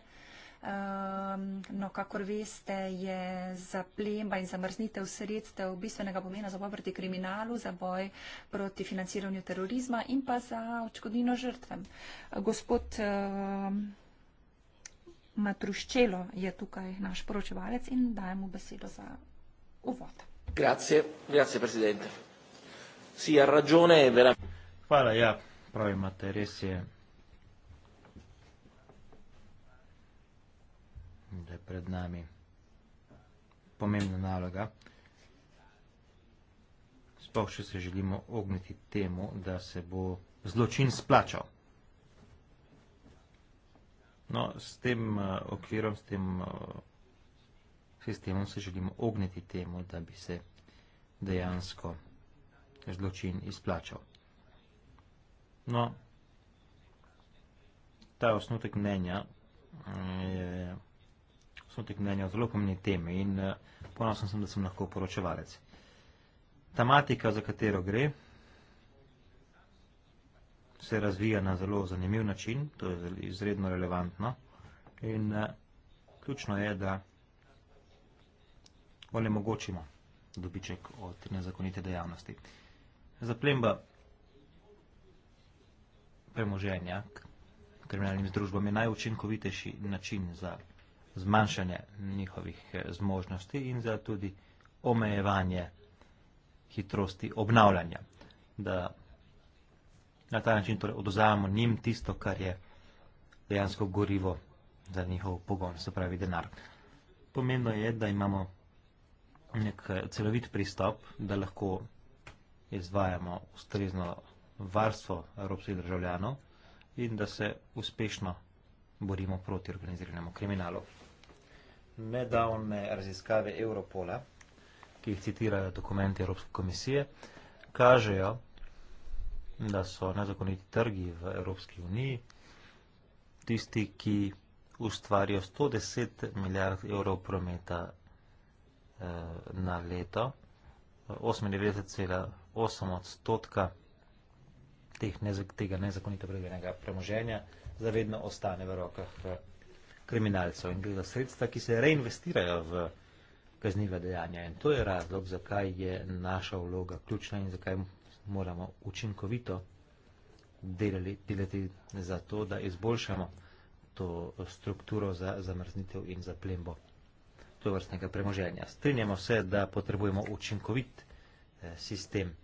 No, kakor veste, je zaplemba in zamrznitev sredstev bistvenega pomena za boj proti kriminalu, za boj proti financiranju terorizma in pa za očkodnino žrtvem. Gospod Matruščelo je tukaj naš poročevalec in dajemo besedo za uvod. Grazie, grazie presidente. Si, ja, ragione, vera. Hvala, ja, pravi imate, res je. da je pred nami pomembna naloga. Sploh še se želimo ogniti temu, da se bo zločin splačal. No, s tem uh, okvirom, s tem uh, sistemom se želimo ogniti temu, da bi se dejansko zločin izplačal. No, ta osnutek mnenja je. Uh, sotek mnenja o zelo pomeni temi in eh, ponosen sem, da sem lahko poročevalec. Tematika, za katero gre, se razvija na zelo zanimiv način, to je izredno relevantno in eh, ključno je, da onemogočimo dobiček od nezakonite dejavnosti. Zaplemba premoženja kriminalnim združbam je najučinkovitejši način za premoženje zmanjšanje njihovih eh, zmožnosti in za tudi omejevanje hitrosti obnavljanja. Da na ta način torej odozajamo njim tisto, kar je dejansko gorivo za njihov pogon, se pravi denar. Pomembno je, da imamo nek eh, celovit pristop, da lahko izvajamo ustrezno varstvo evropskih državljanov in da se uspešno borimo proti organiziranemu kriminalu nedavne raziskave Europola, ki jih citirajo dokumenti Evropske komisije, kažejo, da so nezakoniti trgi v Evropski uniji tisti, ki ustvarijo 110 milijard evrov prometa eh, na leto. 98,8 odstotka teh nezak tega nezakonito pridobljenega premoženja zavedno ostane v rokah. Eh, kriminalcev in gre za sredstva, ki se reinvestirajo v kazniva dejanja. In to je razlog, zakaj je naša vloga ključna in zakaj moramo učinkovito delali, delati za to, da izboljšamo to strukturo za zamrznitev in za plembo to vrstnega premoženja. Strinjamo se, da potrebujemo učinkovit eh, sistem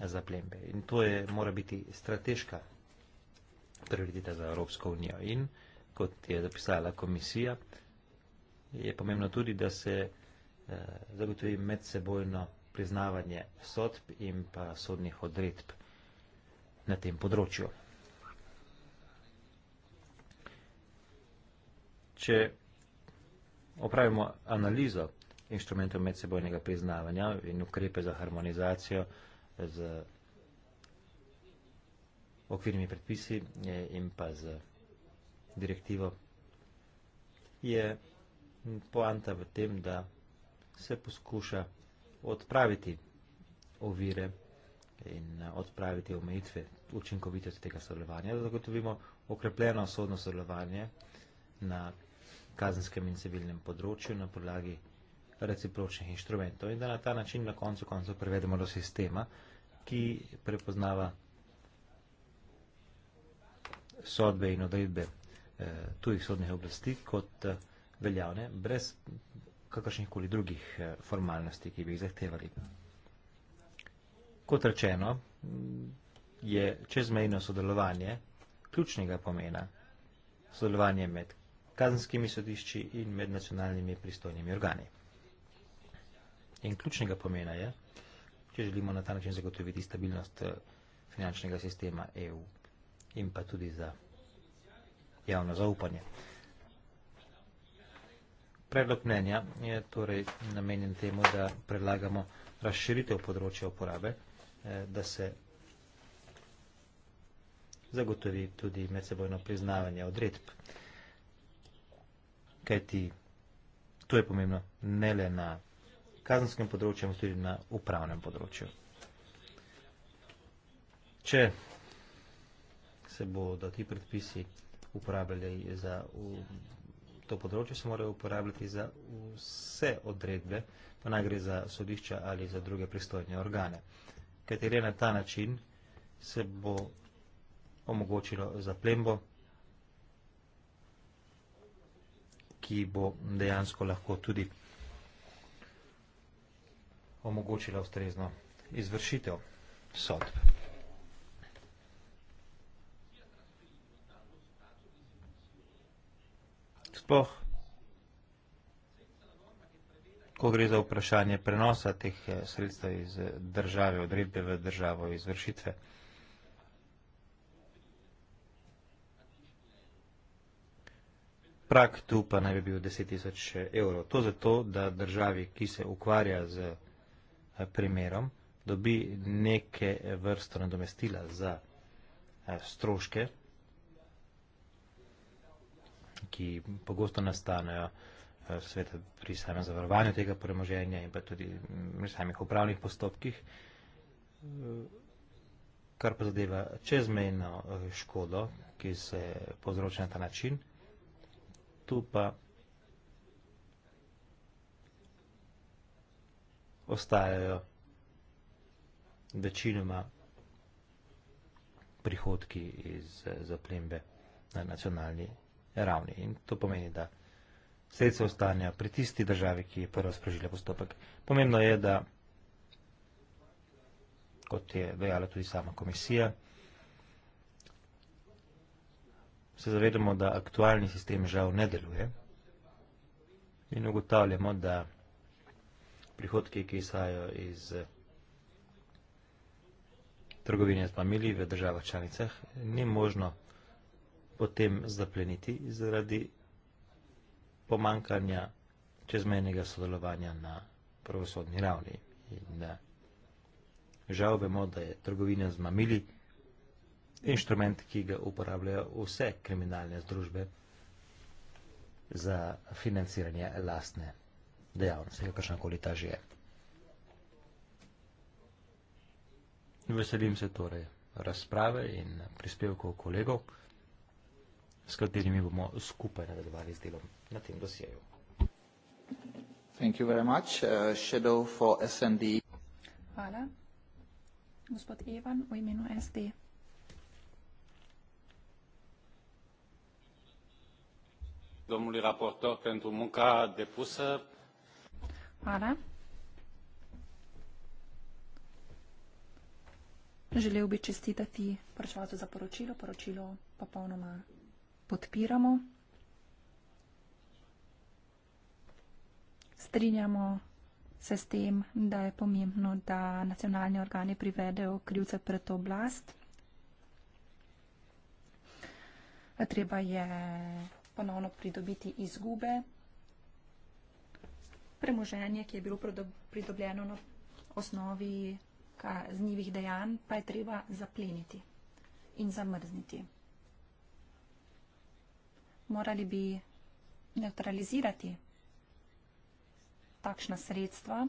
za plembe. In to je, mora biti strateška prioriteta za Evropsko unijo. In kot je zapisala komisija, je pomembno tudi, da se eh, zagotovi medsebojno priznavanje sodb in pa sodnih odredb na tem področju. Če opravimo analizo inštrumentov medsebojnega priznavanja in ukrepe za harmonizacijo z okvirnimi predpisi eh, in pa z direktivo. Je poanta v tem, da se poskuša odpraviti ovire in eh, odpraviti omejitve učinkovitosti tega sodelovanja, da zagotovimo okrepljeno sodno sodelovanje na kazenskem in civilnem področju na podlagi recipročnih inštrumentov in da na ta način na koncu koncu prevedemo do sistema, ki prepoznava sodbe in odredbe eh, tujih sodnih oblasti kot eh, veljavne, brez kakršnih koli drugih eh, formalnosti, ki bi jih zahtevali. Kot rečeno, mm, je čezmejno sodelovanje ključnega pomena sodelovanje med kazenskimi sodišči in med nacionalnimi pristojnimi organi. In ključnega pomena je, če želimo na ta način zagotoviti stabilnost eh, finančnega sistema EU in pa tudi za javno zaupanje. Predlog mnenja je torej namenjen temu, da predlagamo razširitev področja uporabe, eh, da se zagotovi tudi medsebojno priznavanje odredb, kajti to je pomembno ne le na kazenskem področju, ampak tudi na upravnem področju. Če se bodo ti predpisi uporabljali za v, to področje, se morajo uporabljati za vse odredbe, pa naj gre za sodišča ali za druge pristojne organe. Kajti na ta način se bo omogočilo zaplembo, ki bo dejansko lahko tudi omogočila ustrezno izvršitev sodb. sploh, ko gre za vprašanje prenosa teh eh, sredstev iz eh, države, odredbe v državo izvršitve. Prak tu pa naj bi bil 10 tisoč eh, evrov. To zato, da državi, ki se ukvarja z primerom, dobi neke vrsto nadomestila za stroške, ki pogosto nastanejo eh, sveta pri samem zavarovanju tega premoženja in pa tudi mm, pri samih upravnih postopkih. Eh, kar pa zadeva čezmejno eh, škodo, ki se povzroča na ta način, tu pa ostajajo večinoma prihodki iz zaplembe na nacionalni ravni. In to pomeni, da sredstva ostanejo pri tisti državi, ki je prva sprožila postopek. Pomembno je, da, kot je dejala tudi sama komisija, se zavedamo, da aktualni sistem žal ne deluje in ugotavljamo, da prihodki, ki izhajajo iz trgovine z mamili v državah članicah, ni možno potem zapleniti zaradi pomankanja čezmejnega sodelovanja na pravosodni ravni. In eh, žal vemo, da je trgovina z mamili inštrument, ki ga uporabljajo vse kriminalne združbe za financiranje lastne dejavnosti, kakršnakoli ta že je. Veselim se torej razprave in prispevkov kolegov s katerimi bomo skupaj nadaljevali z delom na tem dosjeju. Uh, Hvala. Gospod Evan v imenu SD. Domnului raportor pentru munca depusă. Hvala. Želel bi čestitati poročevalcu za poročilo, poročilo popolnoma podpiramo, strinjamo se s tem, da je pomembno, da nacionalni organi privedejo krivce pred to oblast. Treba je ponovno pridobiti izgube, premoženje, ki je bilo pridobljeno na osnovi kaznivih dejanj, pa je treba zapleniti in zamrzniti morali bi neutralizirati takšna sredstva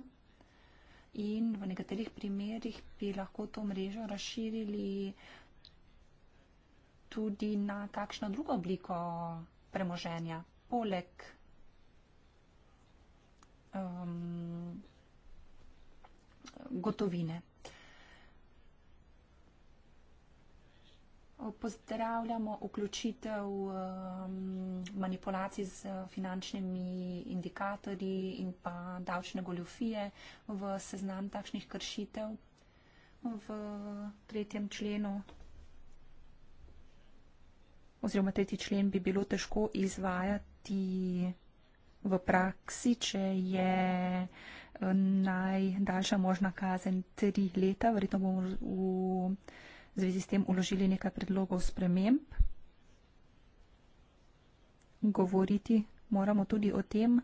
in v nekaterih primerjih bi lahko to mrežo razširili tudi na kakšno drugo obliko premoženja, poleg um, gotovine. Pozdravljamo vključitev um, manipulacij z uh, finančnimi indikatorji in pa davčne goljofije v seznam takšnih kršitev v tretjem členu. Oziroma tretji člen bi bilo težko izvajati v praksi, če je uh, najdaljša možna kazen tri leta. Verjetno bomo v v zvezi s tem uložili nekaj predlogov sprememb. Govoriti moramo tudi o tem,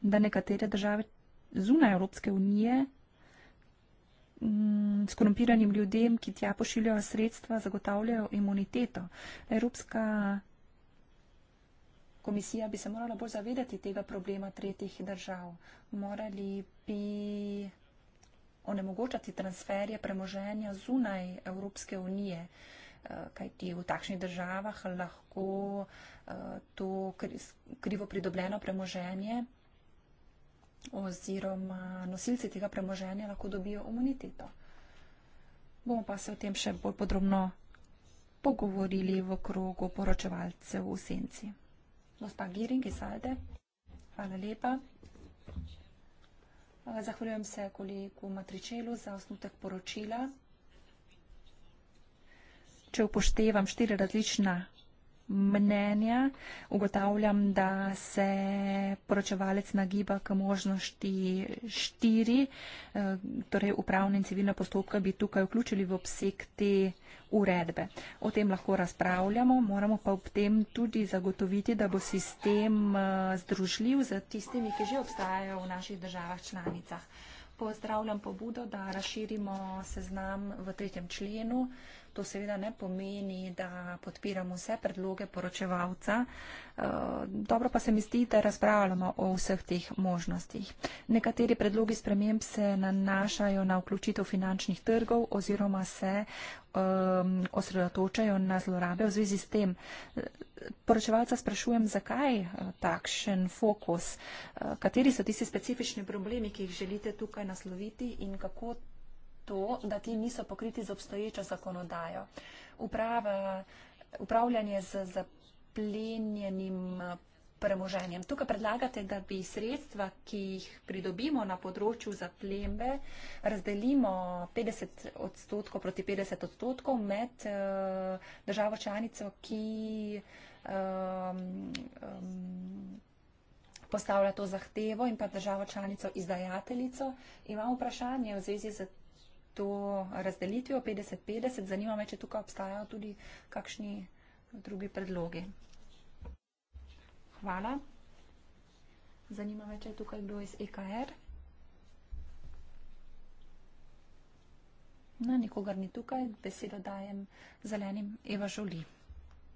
da nekatere države zunaj Evropske unije mm, s korumpiranim ljudem, ki tja pošiljajo sredstva, zagotavljajo imuniteto. Evropska komisija bi se morala bolj zavedati tega problema tretjih držav. Morali bi onemogočati transferje premoženja zunaj Evropske unije, eh, kajti v takšnih državah lahko eh, to krivo pridobljeno premoženje oziroma nosilci tega premoženja lahko dobijo imuniteto. Bomo pa se o tem še bolj podrobno pogovorili v krogu poročevalcev v Senci. Gospa Giring iz Alde, hvala lepa. Eh, zahvaljujem se kolegu Matričelu za osnutek poročila. Če upoštevam štiri različna mnenja. Ugotavljam, da se poročevalec nagiba k možnosti štiri, eh, torej upravne in civilne postopke bi tukaj vključili v obseg te uredbe. O tem lahko razpravljamo, moramo pa ob tem tudi zagotoviti, da bo sistem eh, združljiv z tistimi, ki že obstajajo v naših državah članicah. Pozdravljam pobudo, da razširimo seznam v tretjem členu. To seveda ne pomeni, da podpiramo vse predloge poročevalca. Eh, dobro pa se mi zdi, da razpravljamo o vseh teh možnostih. Nekateri predlogi sprememb se nanašajo na vključitev finančnih trgov oziroma se ehm, osredotočajo na zlorabe v zvezi s tem. Poročevalca sprašujem, zakaj eh, takšen fokus, eh, kateri so tisti specifični problemi, ki jih želite tukaj nasloviti in kako to, da ti niso pokriti z obstoječo zakonodajo. Uprava, upravljanje z zaplenjenim premoženjem. Tukaj predlagate, da bi sredstva, ki jih pridobimo na področju zaplembe, razdelimo 50 odstotkov proti 50 odstotkov med eh, državo članico, ki um, um, postavlja to zahtevo in pa državo članico izdajateljico. Imam vprašanje v zvezi z to razdelitvijo 50-50. Zanima me, če tukaj obstajajo tudi kakšni drugi predlogi. Hvala. Zanima me, če je tukaj kdo iz EKR. Na nikogar ni tukaj, besedo dajem zelenim. Eva Žoli,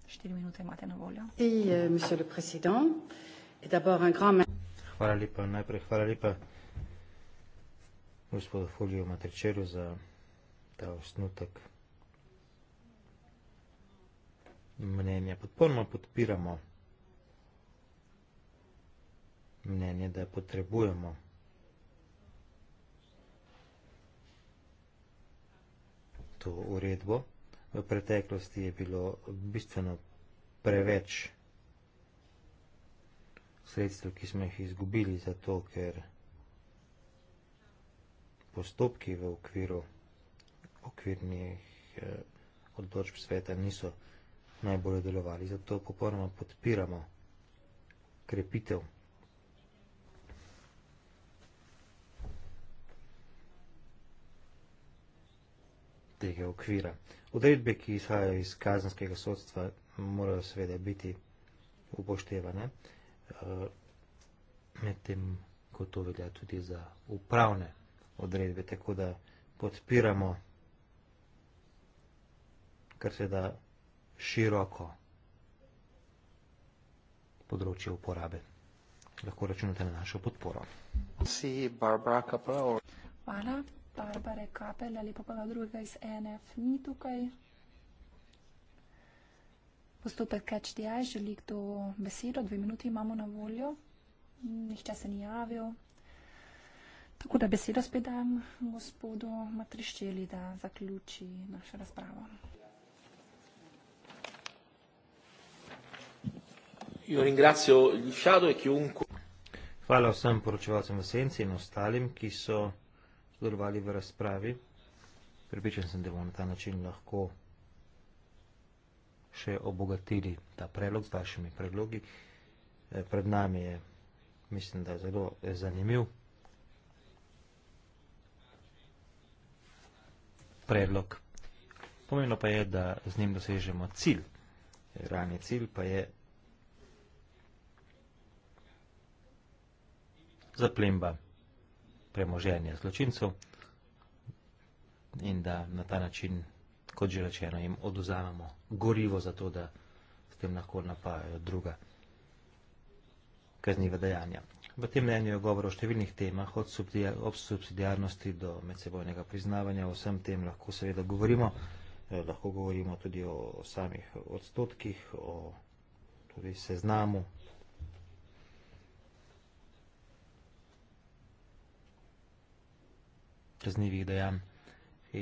štiri minute imate na voljo. Hvala lepa, najprej hvala lepa. Gospoda Folijo Matričerju za ta osnutek mnenja. Podporno podpiramo mnenje, da potrebujemo to uredbo. V preteklosti je bilo bistveno preveč sredstv, ki smo jih izgubili zato, ker je postopki v okviru okvirnih eh, odločb sveta niso najbolje delovali. Zato popolnoma podpiramo krepitev. tega okvira. Odredbe, ki izhajajo iz kazanskega sodstva, morajo seveda biti upoštevane, eh, medtem, kot to velja tudi za upravne odredbe, tako da podpiramo kar se da široko področje uporabe. Lahko računate na našo podporo. Si Barbara Kapel. Hvala. Barbara Kapel ali pa pa druga iz NF ni tukaj. Postopek Catch the Eye želi kdo besedo. Dve minuti imamo na voljo. Nihče se ni javil. Tako da besedo spet dam gospodu Matriščeli, da zaključi našo razpravo. E Hvala vsem poročevalcem v Senci in ostalim, ki so sodelovali v razpravi. Pripričan sem, da bomo na ta način lahko še obogatili ta predlog z vašimi predlogi. Eh, pred nami je, mislim, da je zelo eh, zanimiv. predlog. Pomembno pa je, da z njim dosežemo cilj. Ranji cilj pa je zaplemba premoženja zločincev in da na ta način, kot že rečeno, jim oduzamemo gorivo za to, da s tem lahko napajajo druga kazniva dejanja. V tem mnenju je govor o številnih temah, od subsidijarnosti do medsebojnega priznavanja. O vsem tem lahko seveda govorimo. Eh, lahko govorimo tudi o samih odstotkih, o tudi seznamu. kaznivih dejanj.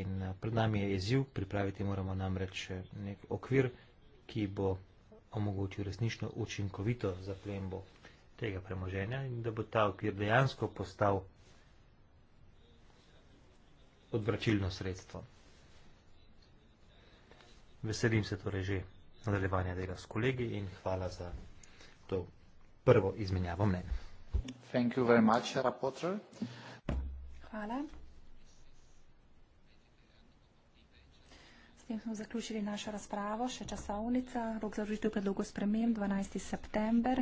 In eh, pred nami je izziv, pripraviti moramo namreč eh, nek okvir, ki bo omogočil resnično učinkovito zaplembo tega premoženja in da bo ta okvir dejansko postal odvračilno sredstvo. Veselim se torej že nadaljevanja dela s kolegi in hvala za to prvo izmenjavo mnenja. Thank you very much, Sarah Potter. Hvala. tem smo zaključili našo razpravo. Še časovnica. Rok za vložitev predlogu sprememb 12. september.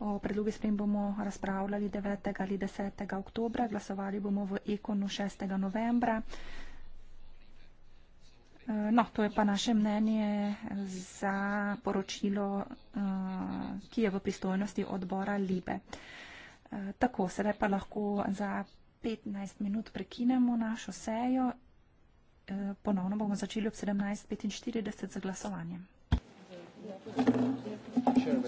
O predlogu sprememb bomo razpravljali 9. ali 10. oktobra. Glasovali bomo v ekonu 6. novembra. E, no, to je pa naše mnenje za poročilo, e, ki je v pristojnosti odbora Libe. E, tako, sedaj pa lahko za 15 minut prekinemo našo sejo. Eh, ponovno bomo začeli ob 17.45 z glasovanjem. Sure,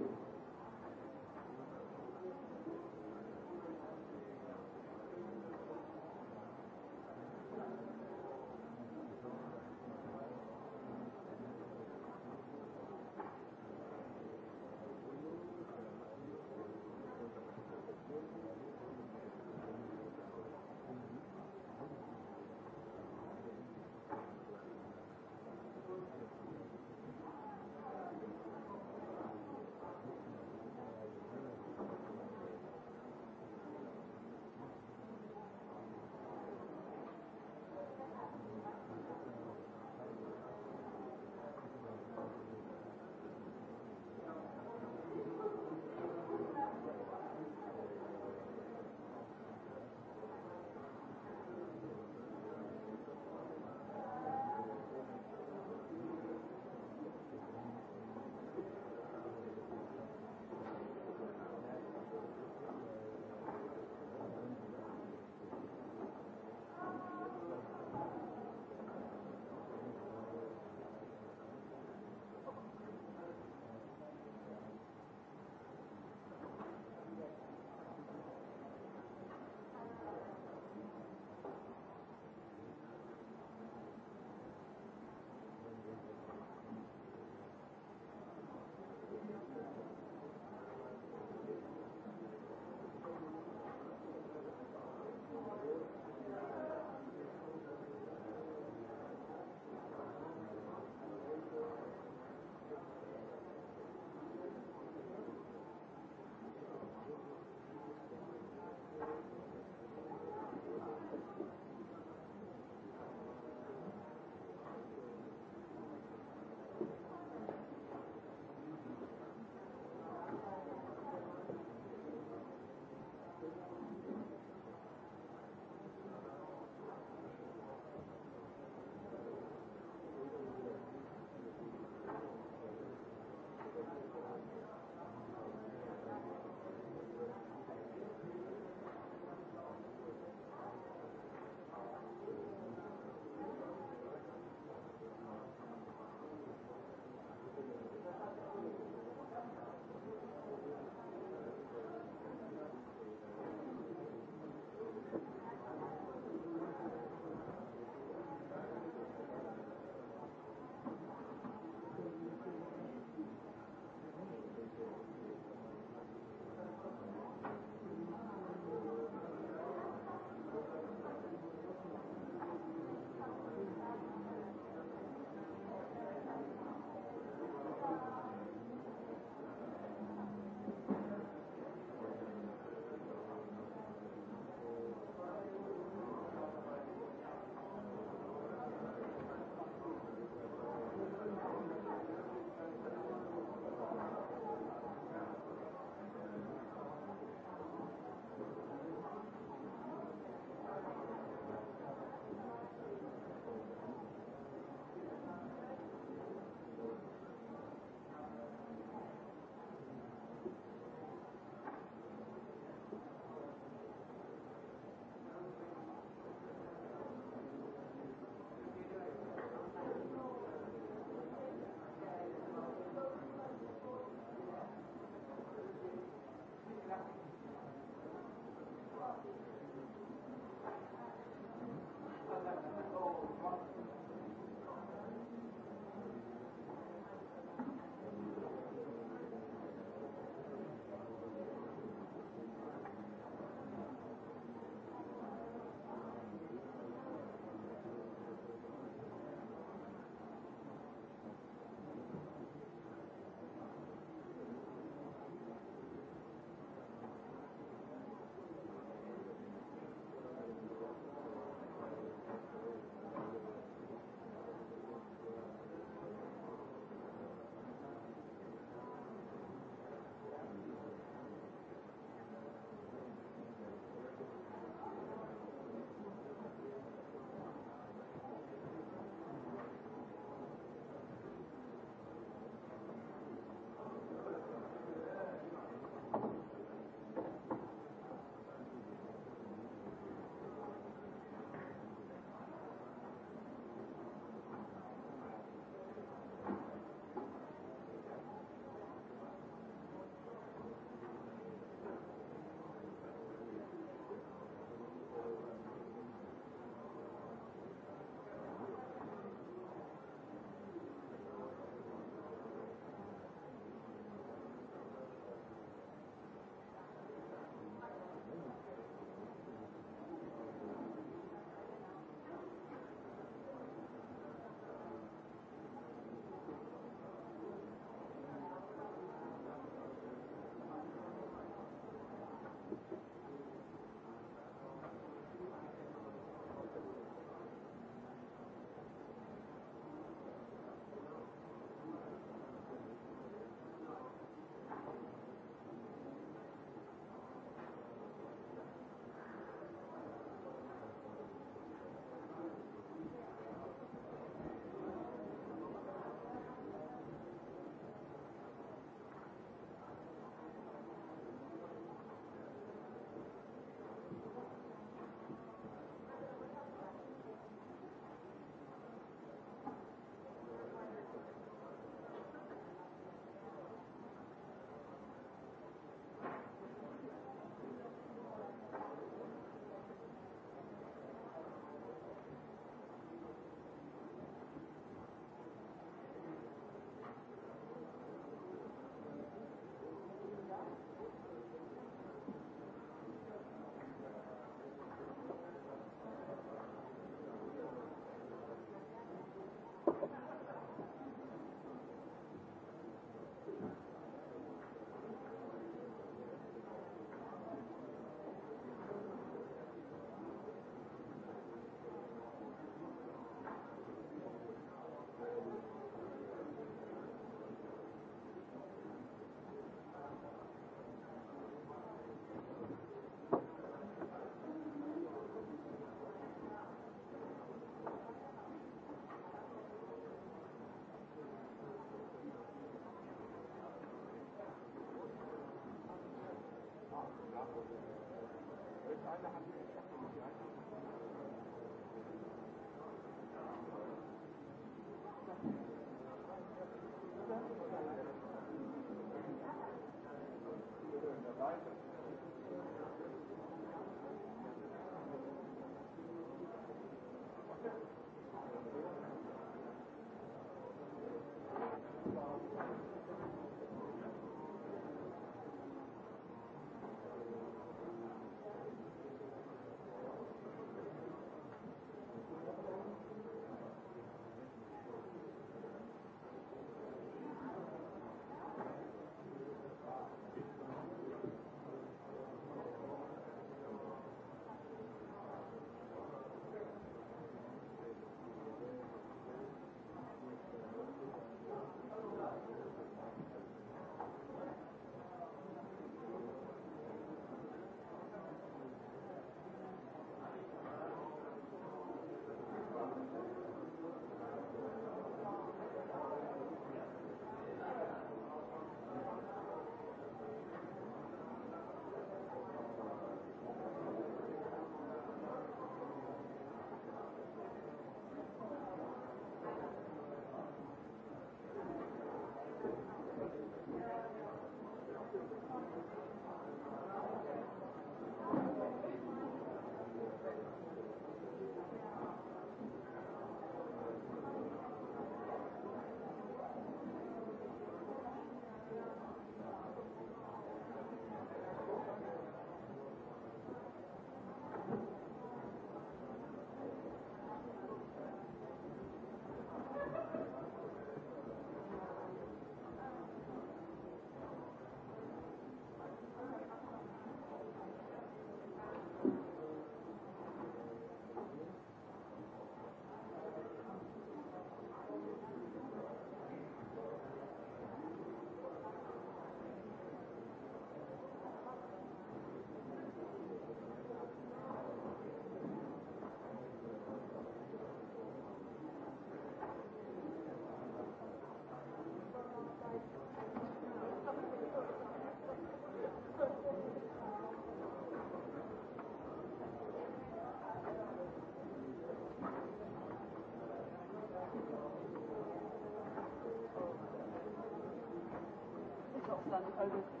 Thank you.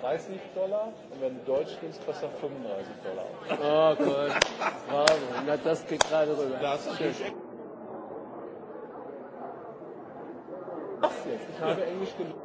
30 Dollar und wenn du Deutsch nimmst, kostet 35 er Dollar. Oh Gott, Wahnsinn, wow. das geht gerade rüber. Das ist schön. Jetzt, ich habe Englisch gelernt.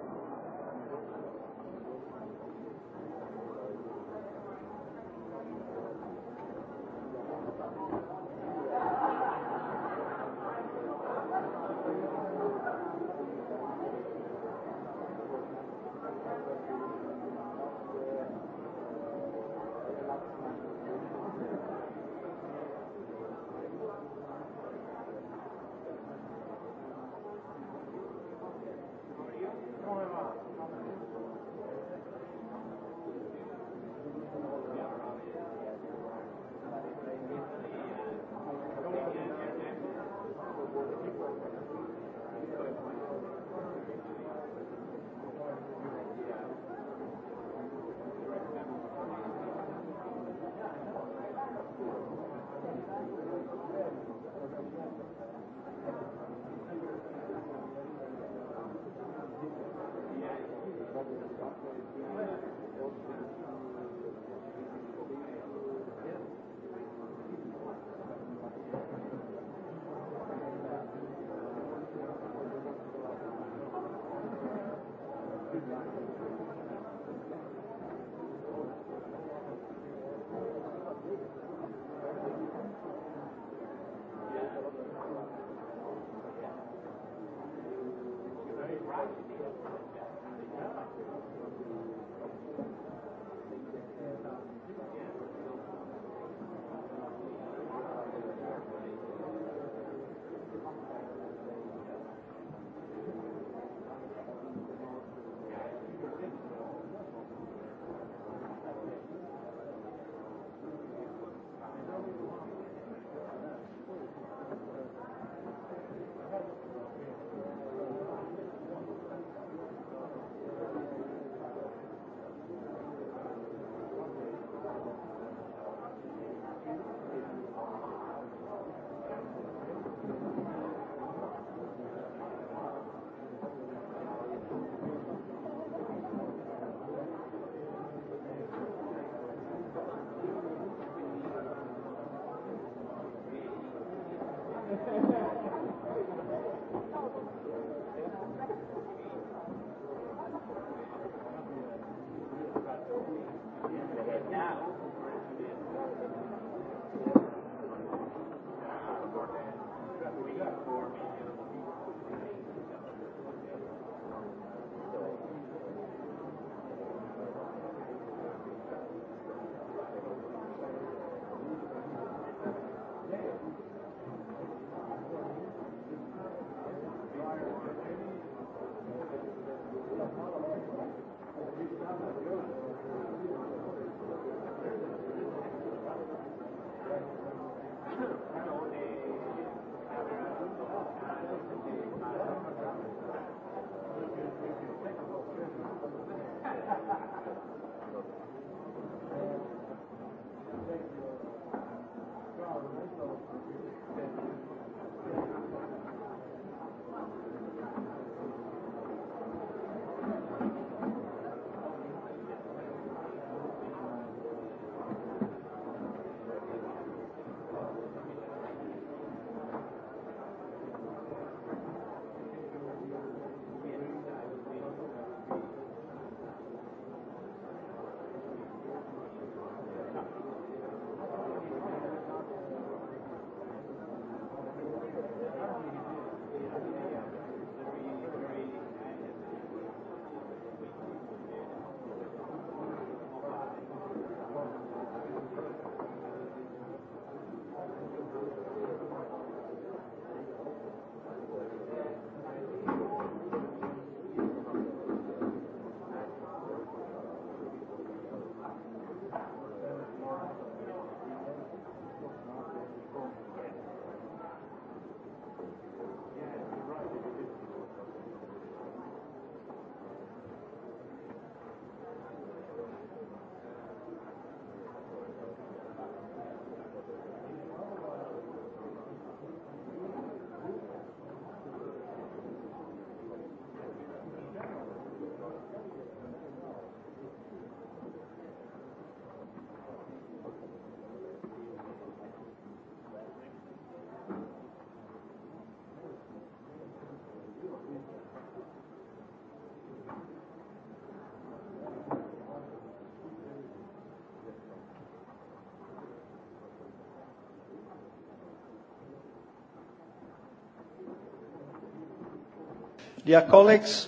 Dear colleagues,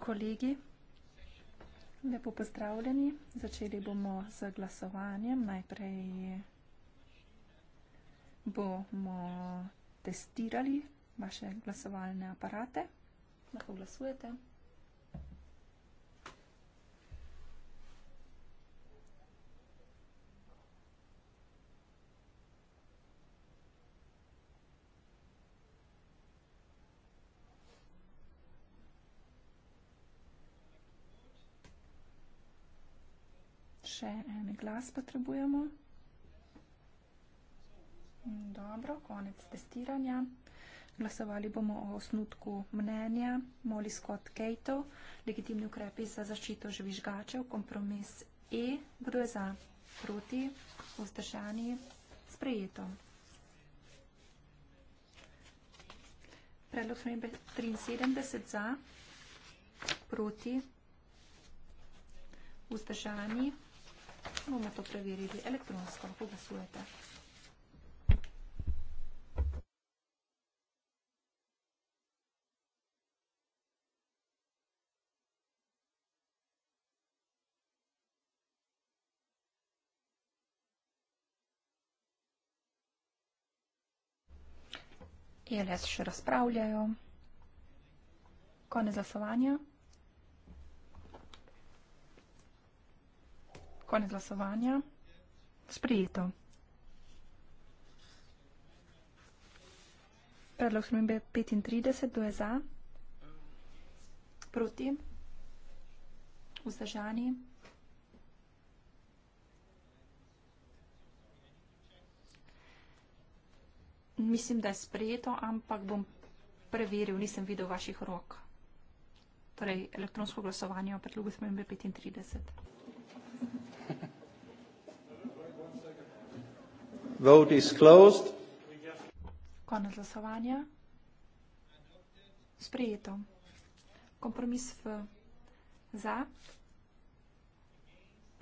kolegi, lepo pozdravljeni. Začeli bomo z glasovanjem. Najprej bomo testirali vaše glasovalne aparate. Lahko glasujete. še en glas potrebujemo. Dobro, konec testiranja. Glasovali bomo o osnutku mnenja Molly Scott Cato, legitimni ukrepi za zaščito žvižgačev, kompromis E, kdo je za, proti, vzdržani, sprejeto. Predlog smembe 73 za, proti, vzdržani, sprejeto bomo to preverili elektronsko, ko glasujete. Jeles še razpravljajo. Konec glasovanja. Konec glasovanja. Sprijeto. Predlog spremembe 35, kdo je za? Proti? Vzdržani? Mislim, da je sprejeto, ampak bom preveril, nisem videl vaših rok. Torej, elektronsko glasovanje o predlogu spremembe 35. Vote is closed. Konec glasovanja. Sprejeto. Kompromis v za,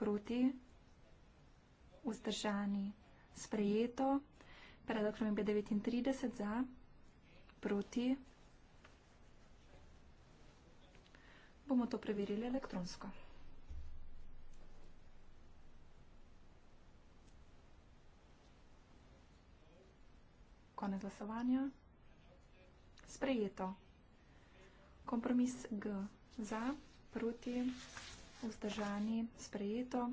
proti, vzdržani. Sprejeto. Predlog nam je 39 za, proti. Bomo to preverili elektronsko. Konec glasovanja. Sprejeto. Kompromis G. Za, proti, vzdržani, sprejeto.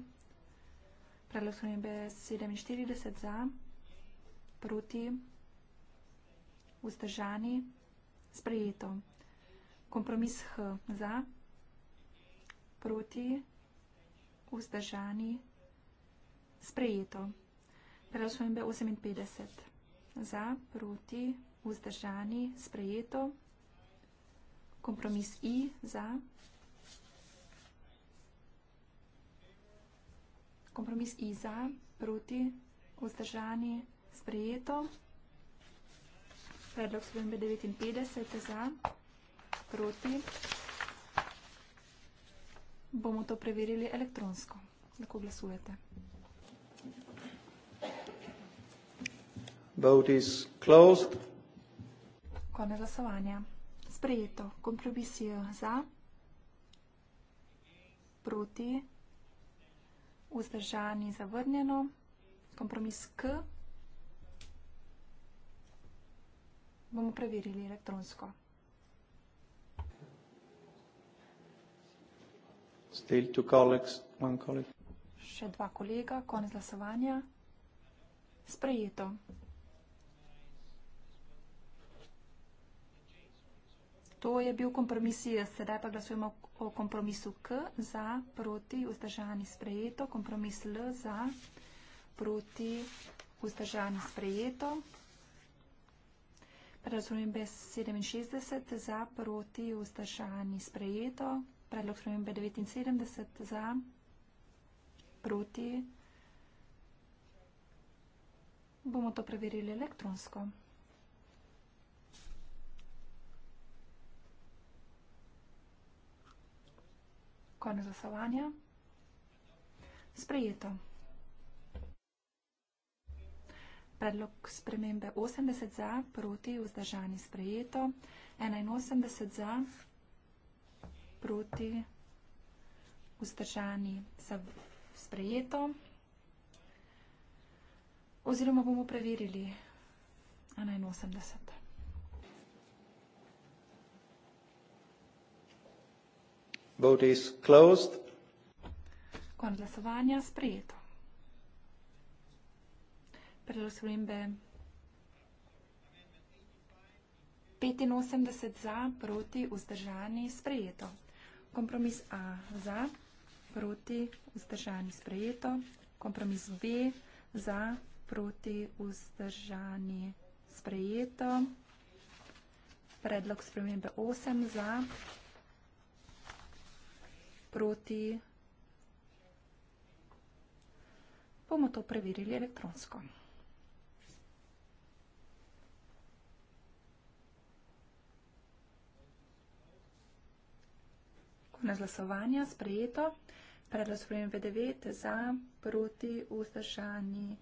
Preglasovanje B 47 za, proti, vzdržani, sprejeto. Kompromis H za, proti, vzdržani, sprejeto. Preglasovanje B 58 za, proti, vzdržani, sprejeto. Kompromis I za. Kompromis I za, proti, vzdržani, sprejeto. Predlog spremembe 59 za, proti. Bomo to preverili elektronsko. Lahko glasujete. Vote is closed. Konec glasovanja. Sprejeto. Kompromisijo za, proti, vzdržani, zavrnjeno. Kompromis K. Bomo preverili elektronsko. Still two colleagues, one colleague. Še dva kolega, konec glasovanja. Sprejeto. To je bil kompromis, sedaj pa glasujemo o kompromisu K za, proti, vzdržani sprejeto, kompromis L za, proti, vzdržani sprejeto. Predlog spremembe 67 za, proti, vzdržani sprejeto. Predlog spremembe 79 za, proti. Bomo to preverili elektronsko. Konec glasovanja. Sprejeto. Predlog spremembe 80 za, proti, vzdržani sprejeto. 81 za, proti, vzdržani sprejeto. Oziroma bomo preverili 81. Vote is closed. Con glasovanja sprejeto. Predlog spremembe 85 za, proti, vzdržani, sprejeto. Kompromis A za, proti, vzdržani, sprejeto. Kompromis B za, proti, vzdržani, sprejeto. Predlog spremembe 8 za, proti, vzdržani, sprejeto proti. Bomo to preverili elektronsko. Na glasovanje sprejeto, predlog sprejem V9 za, proti, vzdržani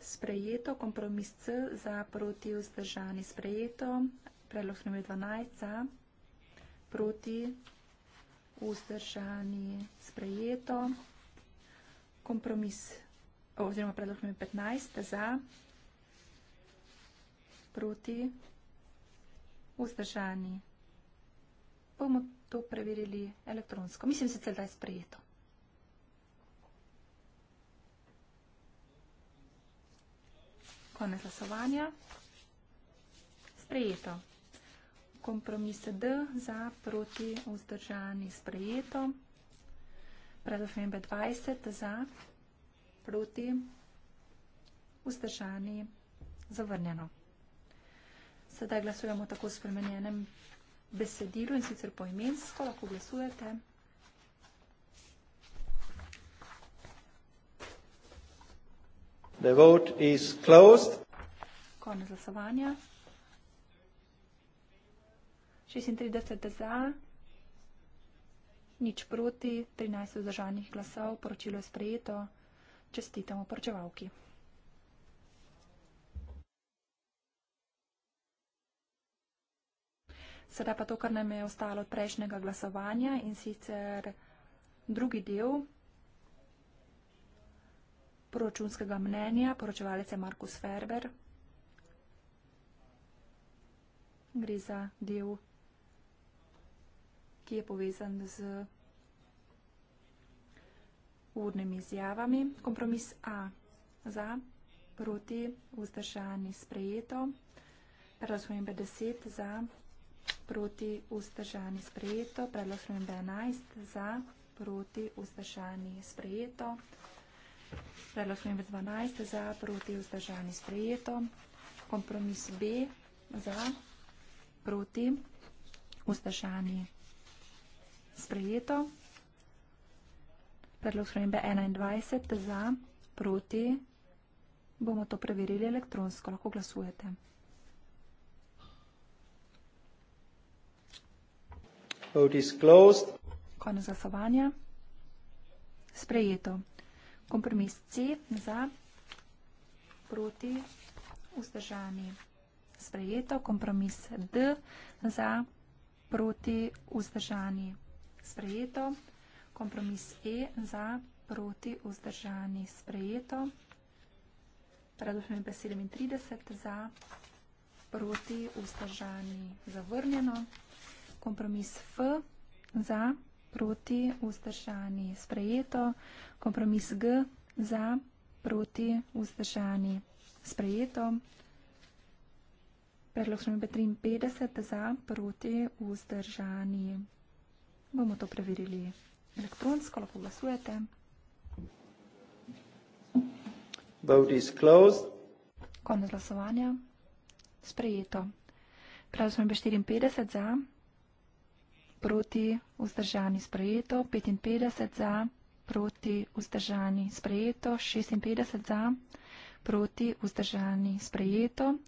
sprejeto, kompromis C za, proti, vzdržani sprejeto, predlog sprejem V12 za, proti, vzdržanje sprejeto. Kompromis oziroma predlog nr. 15 za, proti, vzdržani. Bomo to preverili elektronsko. Mislim, se celo da je sprejeto. Konec glasovanja. Sprejeto kompromise D za proti vzdržani sprejeto. Predofembe 20 za proti vzdržani zavrnjeno. Sedaj glasujemo tako spremenjenem besedilu in sicer po imensko, lahko glasujete. The vote is closed. Konec glasovanja. 36 za, nič proti, 13 vzdržanih glasov, poročilo je sprejeto. Čestitamo poročevalki. Sedaj pa to, kar nam je ostalo od prejšnjega glasovanja in sicer drugi del poročunskega mnenja, poročevalec je Markus Ferber. Gre za del ki je povezan z urnimi izjavami. Kompromis A za, proti, vzdržani, sprejeto. Predlog spremembe 10 za, proti, vzdržani, sprejeto. Predlog spremembe 11 za, proti, vzdržani, sprejeto. Predlog spremembe 12 za, proti, vzdržani, sprejeto. Kompromis B za, proti, vzdržani, sprejeto sprejeto. Predlog spremembe 21 za, proti. Bomo to preverili elektronsko, lahko glasujete. Vote is closed. Konec glasovanja. Sprejeto. Kompromis C za, proti, vzdržani. Sprejeto. Kompromis D za, proti, vzdržani sprejeto. Kompromis E za proti vzdržani sprejeto. Predložen je pa 37 za proti vzdržani zavrnjeno. Kompromis F za proti vzdržani sprejeto. Kompromis G za proti vzdržani sprejeto. Predložen je pa 53 za proti vzdržani sprejeto. Bomo to preverili elektronsko, lahko glasujete. Vote is closed. Konec glasovanja. Sprejeto. Pravzaprav je 54 za, proti, vzdržani, sprejeto. 55 za, proti, vzdržani, sprejeto. 56 za, proti, vzdržani, sprejeto.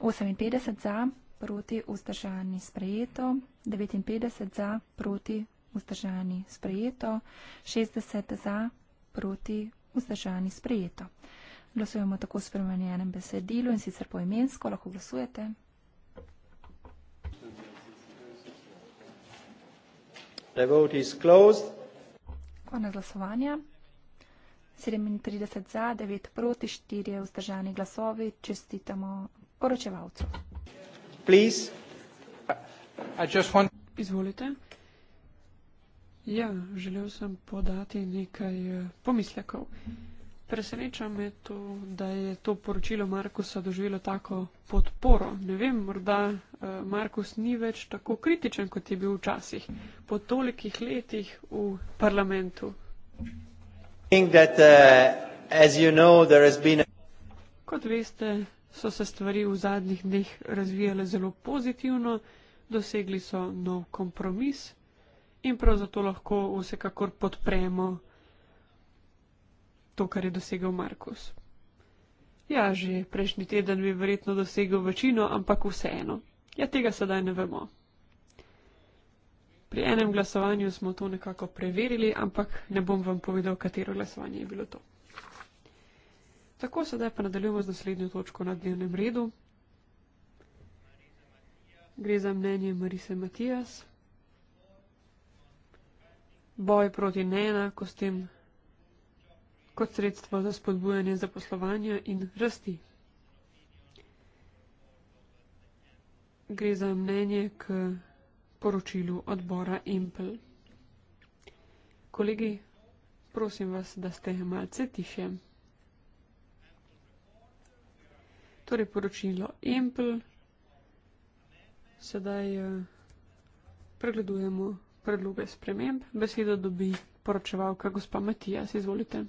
58 za, proti vzdržani sprejeto, 59 za proti vzdržani sprejeto, 60 za proti vzdržani sprejeto. Glasujemo tako v spremenjenem besedilu in sicer poimensko, lahko glasujete. The vote is closed. Konec glasovanja. 37 za, 9 proti, 4 vzdržani glasovi. Čestitamo poročevalcu. Please. I just want... Izvolite. Ja, želel sem podati nekaj eh, pomislekov. Preseneča me to, da je to poročilo Markusa doživelo tako podporo. Ne vem, morda eh, Markus ni več tako kritičen, kot je bil včasih, po tolikih letih v parlamentu. That, uh, you know, a... Kot veste, so se stvari v zadnjih dneh razvijale zelo pozitivno, dosegli so nov kompromis in prav zato lahko vsekakor podpremo to, kar je dosegel Markus. Ja, že prejšnji teden bi verjetno dosegel večino, ampak vseeno. Ja, tega sedaj ne vemo. Pri enem glasovanju smo to nekako preverili, ampak ne bom vam povedal, katero glasovanje je bilo to. Tako, sedaj pa nadaljujemo z naslednjo točko na dnevnem redu. Gre za mnenje Marise Matijas. Boj proti neenakostim kot sredstvo za spodbujanje zaposlovanja in rasti. Gre za mnenje k poročilu odbora Impel. Kolegi, prosim vas, da ste malce tišem. Torej poročilo Ample. Sedaj eh, pregledujemo predloge sprememb. Besedo dobi poročevalka gospa Matija. Izvolite.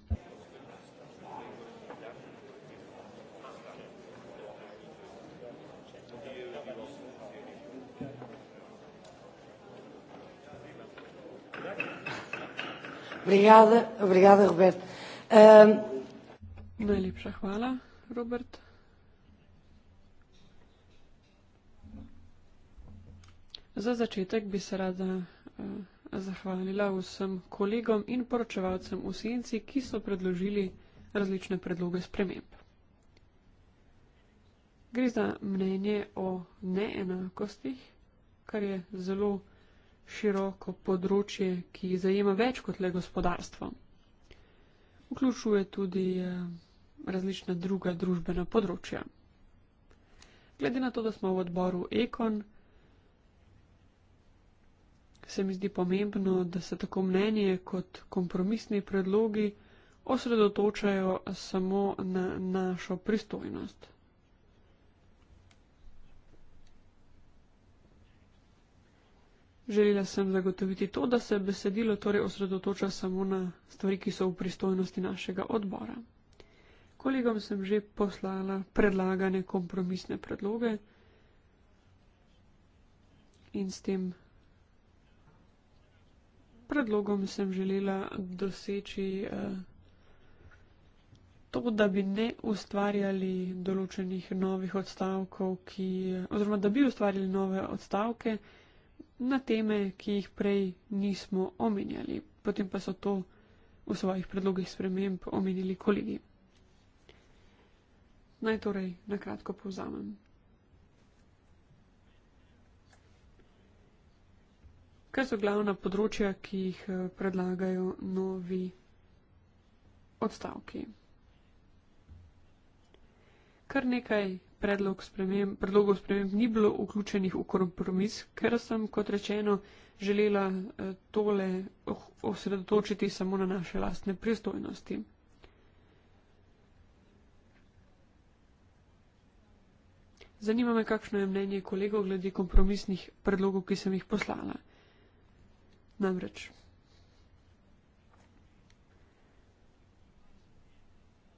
Obrigada, obrigada, Robert. Um... Ehm, Najlepša hvala, Robert. Za začetek bi se rada eh, zahvalila vsem kolegom in poročevalcem v senci, ki so predložili različne predloge sprememb. Gre za mnenje o neenakostih, kar je zelo široko področje, ki zajema več kot le gospodarstvo. Vključuje tudi eh, različna druga družbena področja. Glede na to, da smo v odboru Ekon, se mi zdi pomembno, da se tako mnenje kot kompromisni predlogi osredotočajo samo na našo pristojnost. Želela sem zagotoviti to, da se besedilo torej osredotoča samo na stvari, ki so v pristojnosti našega odbora. Kolegom sem že poslala predlagane kompromisne predloge in s tem predlogom sem želela doseči eh, to, da bi ne ustvarjali določenih novih odstavkov, ki, oziroma da bi ustvarjali nove odstavke na teme, ki jih prej nismo omenjali. Potem pa so to v svojih predlogih sprememb omenili kolegi. Naj torej nakratko povzamem. Kaj so glavna področja, ki jih eh, predlagajo novi odstavki? Kar nekaj predlog spremem, predlogov sprememb ni bilo vključenih v kompromis, ker sem, kot rečeno, želela eh, tole oh, osredotočiti samo na naše lastne pristojnosti. Zanima me, kakšno je mnenje kolegov glede kompromisnih predlogov, ki sem jih poslala. Namreč.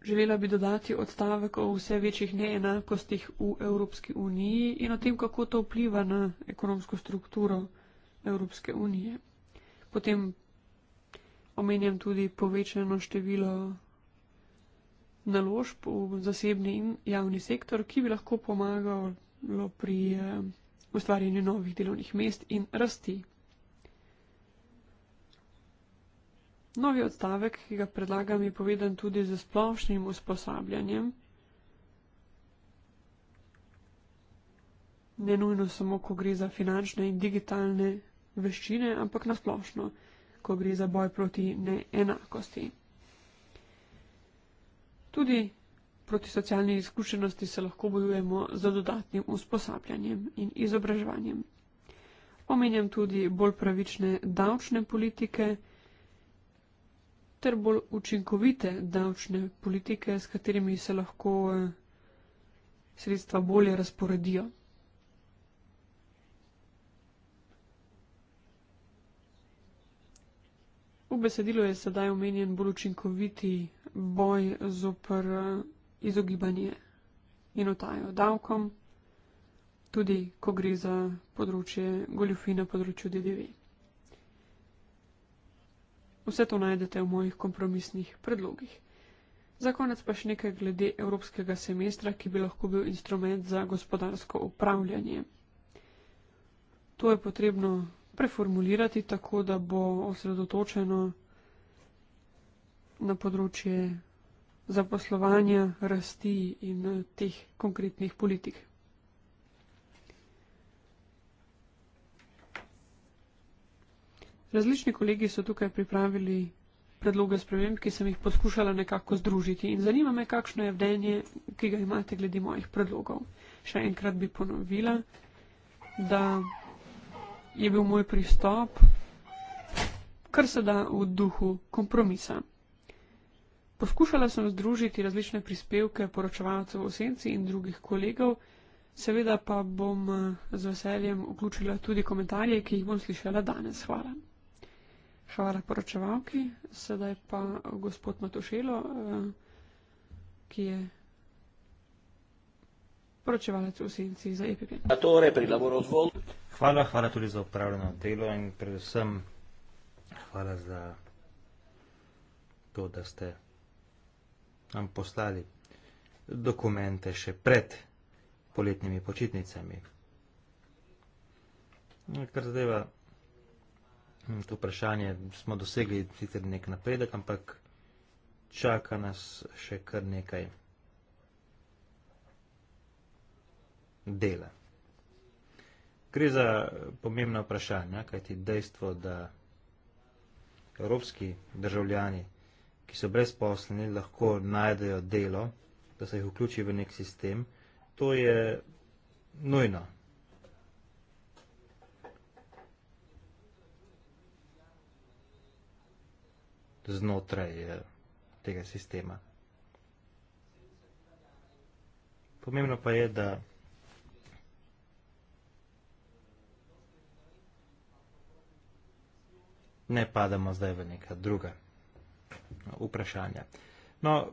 Želela bi dodati odstavek o vse večjih neenakostih v Evropski uniji in o tem, kako to vpliva na ekonomsko strukturo Evropske unije. Potem omenjam tudi povečano število naložb v zasebni in javni sektor, ki bi lahko pomagalo pri eh, ustvarjanju novih delovnih mest in rasti. Novi odstavek, ki ga predlagam, je povedan tudi z splošnim usposabljanjem. Ne nujno samo, ko gre za finančne in digitalne veščine, ampak nasplošno, ko gre za boj proti neenakosti. Tudi proti socialni izkušenosti se lahko bojujemo z dodatnim usposabljanjem in izobraževanjem. Omenjam tudi bolj pravične davčne politike ter bolj učinkovite davčne politike, s katerimi se lahko eh, sredstva bolje razporedijo. V besedilu je sedaj omenjen bolj učinkoviti boj zopr eh, izogibanje in otajo davkom, tudi ko gre za področje goljufi na področju DDV. Vse to najdete v mojih kompromisnih predlogih. Za konec pa še nekaj glede evropskega semestra, ki bi lahko bil instrument za gospodarsko upravljanje. To je potrebno preformulirati tako, da bo osredotočeno na področje zaposlovanja, rasti in teh konkretnih politik. Različni kolegi so tukaj pripravili predloge sprememb, ki sem jih poskušala nekako združiti. In zanima me, kakšno je vdenje, ki ga imate glede mojih predlogov. Še enkrat bi ponovila, da je bil moj pristop kar se da v duhu kompromisa. Poskušala sem združiti različne prispevke poročevalcev v senci in drugih kolegov, seveda pa bom z veseljem vključila tudi komentarje, ki jih bom slišala danes. Hvala. Hvala poročevalki, sedaj pa gospod Matošelo, eh, ki je poročevalec v senci za EPP. Hvala, hvala tudi za upravljeno delo in predvsem hvala za to, da ste nam poslali dokumente še pred poletnimi počitnicami. Kar zadeva To vprašanje smo dosegli sicer nek napredek, ampak čaka nas še kar nekaj dela. Gre za pomembna vprašanja, kajti dejstvo, da evropski državljani, ki so brezposleni, lahko najdejo delo, da se jih vključi v nek sistem, to je nujno. znotraj eh, tega sistema. Pomembno pa je, da ne padamo zdaj v neka druga no, vprašanja. No,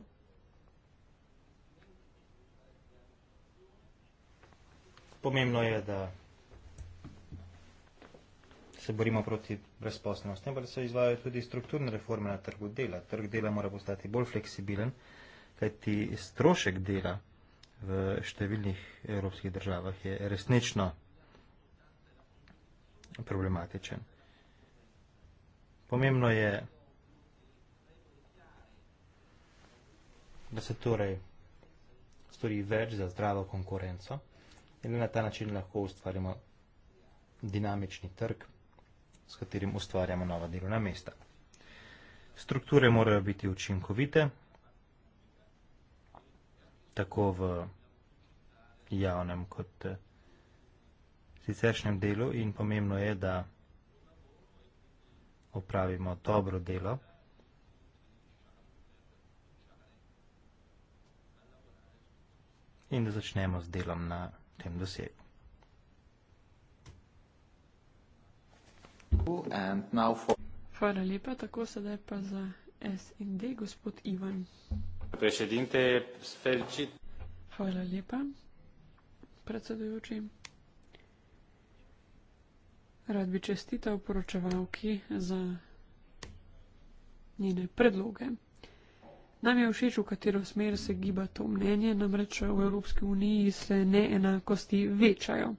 pomembno je, da se borimo proti brezposnosti, ampak se izvajajo tudi strukturne reforme na trgu dela. Trg dela mora postati bolj fleksibilen, kajti strošek dela v številnih evropskih državah je resnično problematičen. Pomembno je, da se torej stori več za zdravo konkurenco in na ta način lahko ustvarimo dinamični trg s katerim ustvarjamo nova delovna mesta. Strukture morajo biti učinkovite, tako v javnem kot eh, siceršnjem delu in pomembno je, da opravimo dobro delo, in da začnemo z delom na tem dosegu. Hvala lepa, tako sedaj pa za SND, gospod Ivan. Hvala lepa, predsedujoči. Rad bi čestital poročevalki za njene predloge. Nam je všeč, v katero smer se giba to mnenje, namreč v Evropski uniji se neenakosti večajo.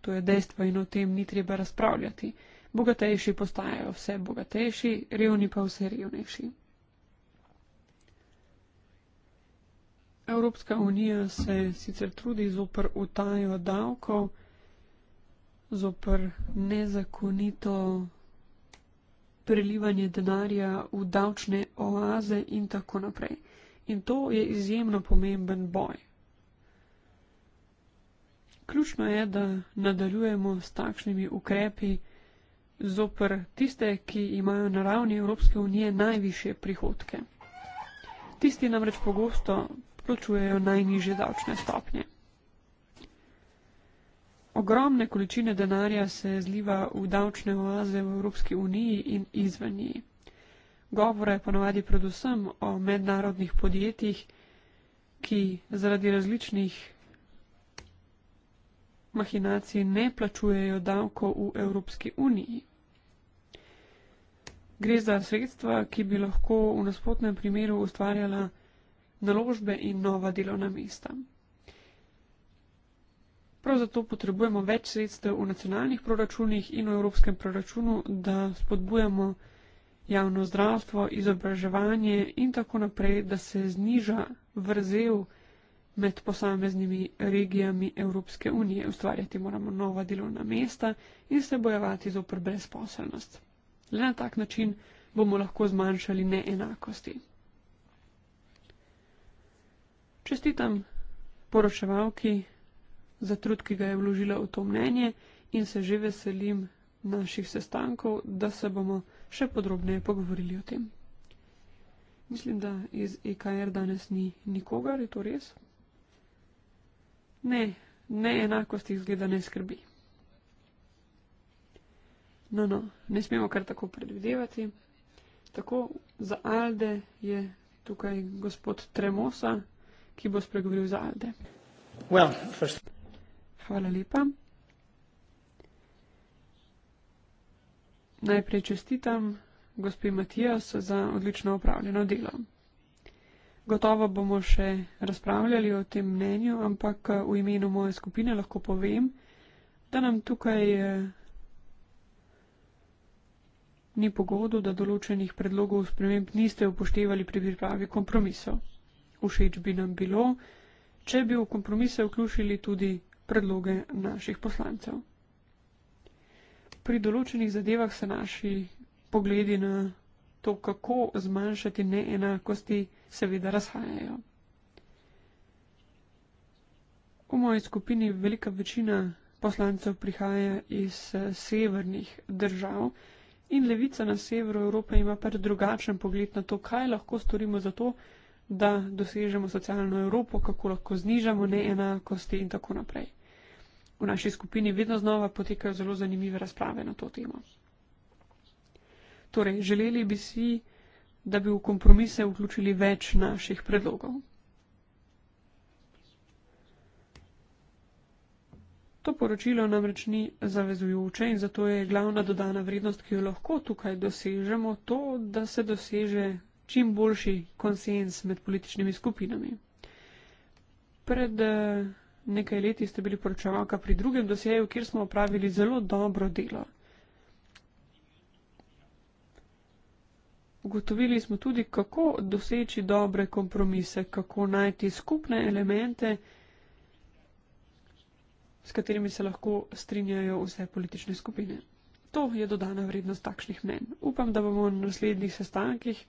To je dejstvo in o tem ni treba razpravljati bogatejši postajajo vse bogatejši, revni pa vse revnejši. Evropska unija se sicer trudi zopr utajo davkov, zopr nezakonito prelivanje denarja v davčne oaze in tako naprej. In to je izjemno pomemben boj. Ključno je, da nadaljujemo s takšnimi ukrepi, zoper tiste, ki imajo na ravni Evropske unije najviše prihodke. Tisti namreč pogosto plačujejo najnižje davčne stopnje. Ogromne količine denarja se zliva v davčne oaze v Evropski uniji in izven njih. Govora je ponavadi predvsem o mednarodnih podjetjih, ki zaradi različnih mahinacij ne plačujejo davko v Evropski uniji. Gre za sredstva, ki bi lahko v nasprotnem primeru ustvarjala naložbe in nova delovna mesta. Prav zato potrebujemo več sredstev v nacionalnih proračunih in v evropskem proračunu, da spodbujamo javno zdravstvo, izobraževanje in tako naprej, da se zniža vrzel med posameznimi regijami Evropske unije. Ustvarjati moramo nova delovna mesta in se bojevati z oprbe sposobnost. Le na tak način bomo lahko zmanjšali neenakosti. Čestitam poročevalki za trud, ki ga je vložila v to mnenje in se že veselim naših sestankov, da se bomo še podrobneje pogovorili o tem. Mislim, da iz EKR danes ni nikogar, je to res? Ne, neenakost izgleda ne skrbi. No, no, ne smemo kar tako predvidevati. Tako za Alde je tukaj gospod Tremosa, ki bo spregovoril za Alde. Well, first... Hvala lepa. Najprej čestitam gospe Matijas za odlično upravljeno delo. Gotovo bomo še razpravljali o tem mnenju, ampak eh, v imenu moje skupine lahko povem, da nam tukaj eh, ni pogodu, da določenih predlogov sprememb niste upoštevali pri pripravi kompromisov. Všeč bi nam bilo, če bi v kompromise vključili tudi predloge naših poslancev. Pri določenih zadevah se naši pogledi na to, kako zmanjšati neenakosti, seveda razhajajo. V moji skupini velika večina poslancev prihaja iz severnih držav in levica na severu Evrope ima pač drugačen pogled na to, kaj lahko storimo za to, da dosežemo socialno Evropo, kako lahko znižamo neenakosti in tako naprej. V naši skupini vedno znova potekajo zelo zanimive razprave na to temo. Torej, želeli bi si, da bi v kompromise vključili več naših predlogov. To poročilo namreč ni zavezujoče in zato je glavna dodana vrednost, ki jo lahko tukaj dosežemo, to, da se doseže čim boljši konsens med političnimi skupinami. Pred eh, nekaj leti ste bili poročevalka pri drugem doseju, kjer smo opravili zelo dobro delo. Ugotovili smo tudi, kako doseči dobre kompromise, kako najti skupne elemente, s katerimi se lahko strinjajo vse politične skupine. To je dodana vrednost takšnih mnen. Upam, da bomo na naslednjih sestankih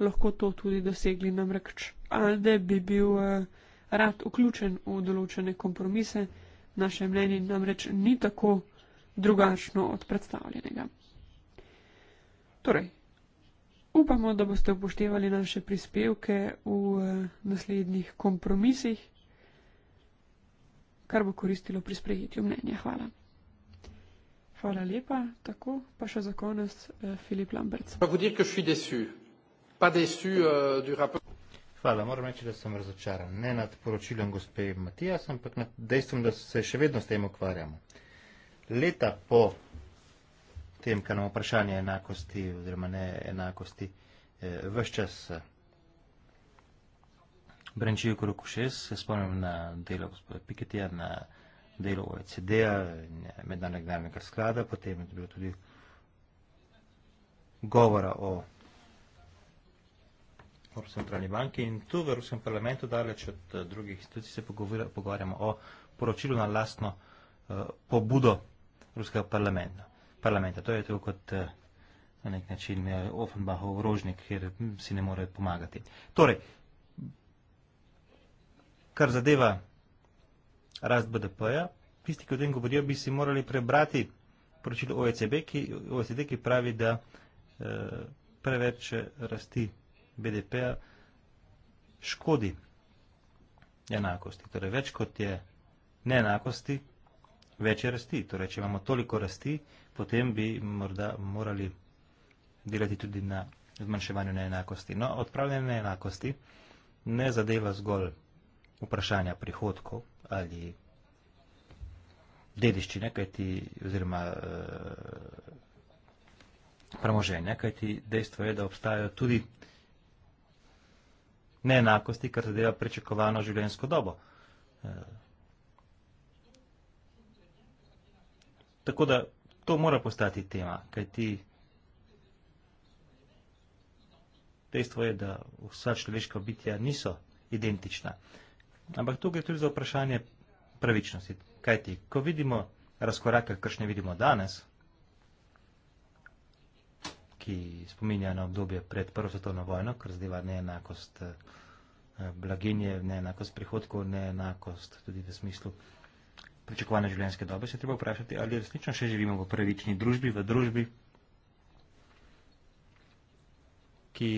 lahko to tudi dosegli, namreč Alde bi bil eh, rad vključen v določene kompromise, naše mnenje namreč ni tako drugačno od predstavljenega. Torej, upamo, da boste upoštevali naše prispevke v eh, naslednjih kompromisih kar bo koristilo pri sprejetju mnenja. Hvala. Hvala lepa. Tako pa še za konec eh, Filip Lambert. Euh, Hvala, moram reči, da sem razočaran. Ne nad poročilom gospe Matijas, ampak nad dejstvom, da se še vedno s tem ukvarjamo. Leta po tem, kar nam vprašanje enakosti oziroma ne enakosti, eh, vse čas eh, Brančijo koliko še, se spomnim na delo gospoda Piketija, na delo OECD-a, mednarodnega danega sklada, potem je bilo tudi govora o Evropskem centralni banki in tu v Evropskem parlamentu, daleč od eh, drugih institucij, se pogovarjamo o poročilu na lastno uh, pobudo Evropskega parlamenta. parlamenta. To je tako kot uh, na nek način uh, Offenbachov rožnik, kjer hm, si ne more pomagati. Torej, kar zadeva rast BDP-ja, tisti, ki o tem govorijo, bi si morali prebrati poročilo OECB, ki, OECD, ki pravi, da e, preveč rasti BDP-ja škodi enakosti. Torej, več kot je neenakosti, več je rasti. Torej, če imamo toliko rasti, potem bi morda morali delati tudi na zmanjševanju neenakosti. No, odpravljanje neenakosti ne zadeva zgolj vprašanja prihodkov ali dediščine, kajti, oziroma e, premoženja, kajti dejstvo je, da obstajajo tudi neenakosti, kar zadeva prečakovano življenjsko dobo. E, tako da to mora postati tema, kajti dejstvo je, da vsa človeška bitja niso identična. E, Ampak tukaj je tudi za vprašanje pravičnosti. Kaj ti, ko vidimo razkorake, kakršne vidimo danes, ki spominja na obdobje pred Prvo svetovno vojno, kar zdaj neenakost eh, blaginje, neenakost prihodkov, neenakost tudi v smislu pričakovane življenjske dobe, se treba vprašati, ali resnično še živimo v pravični družbi, v družbi, ki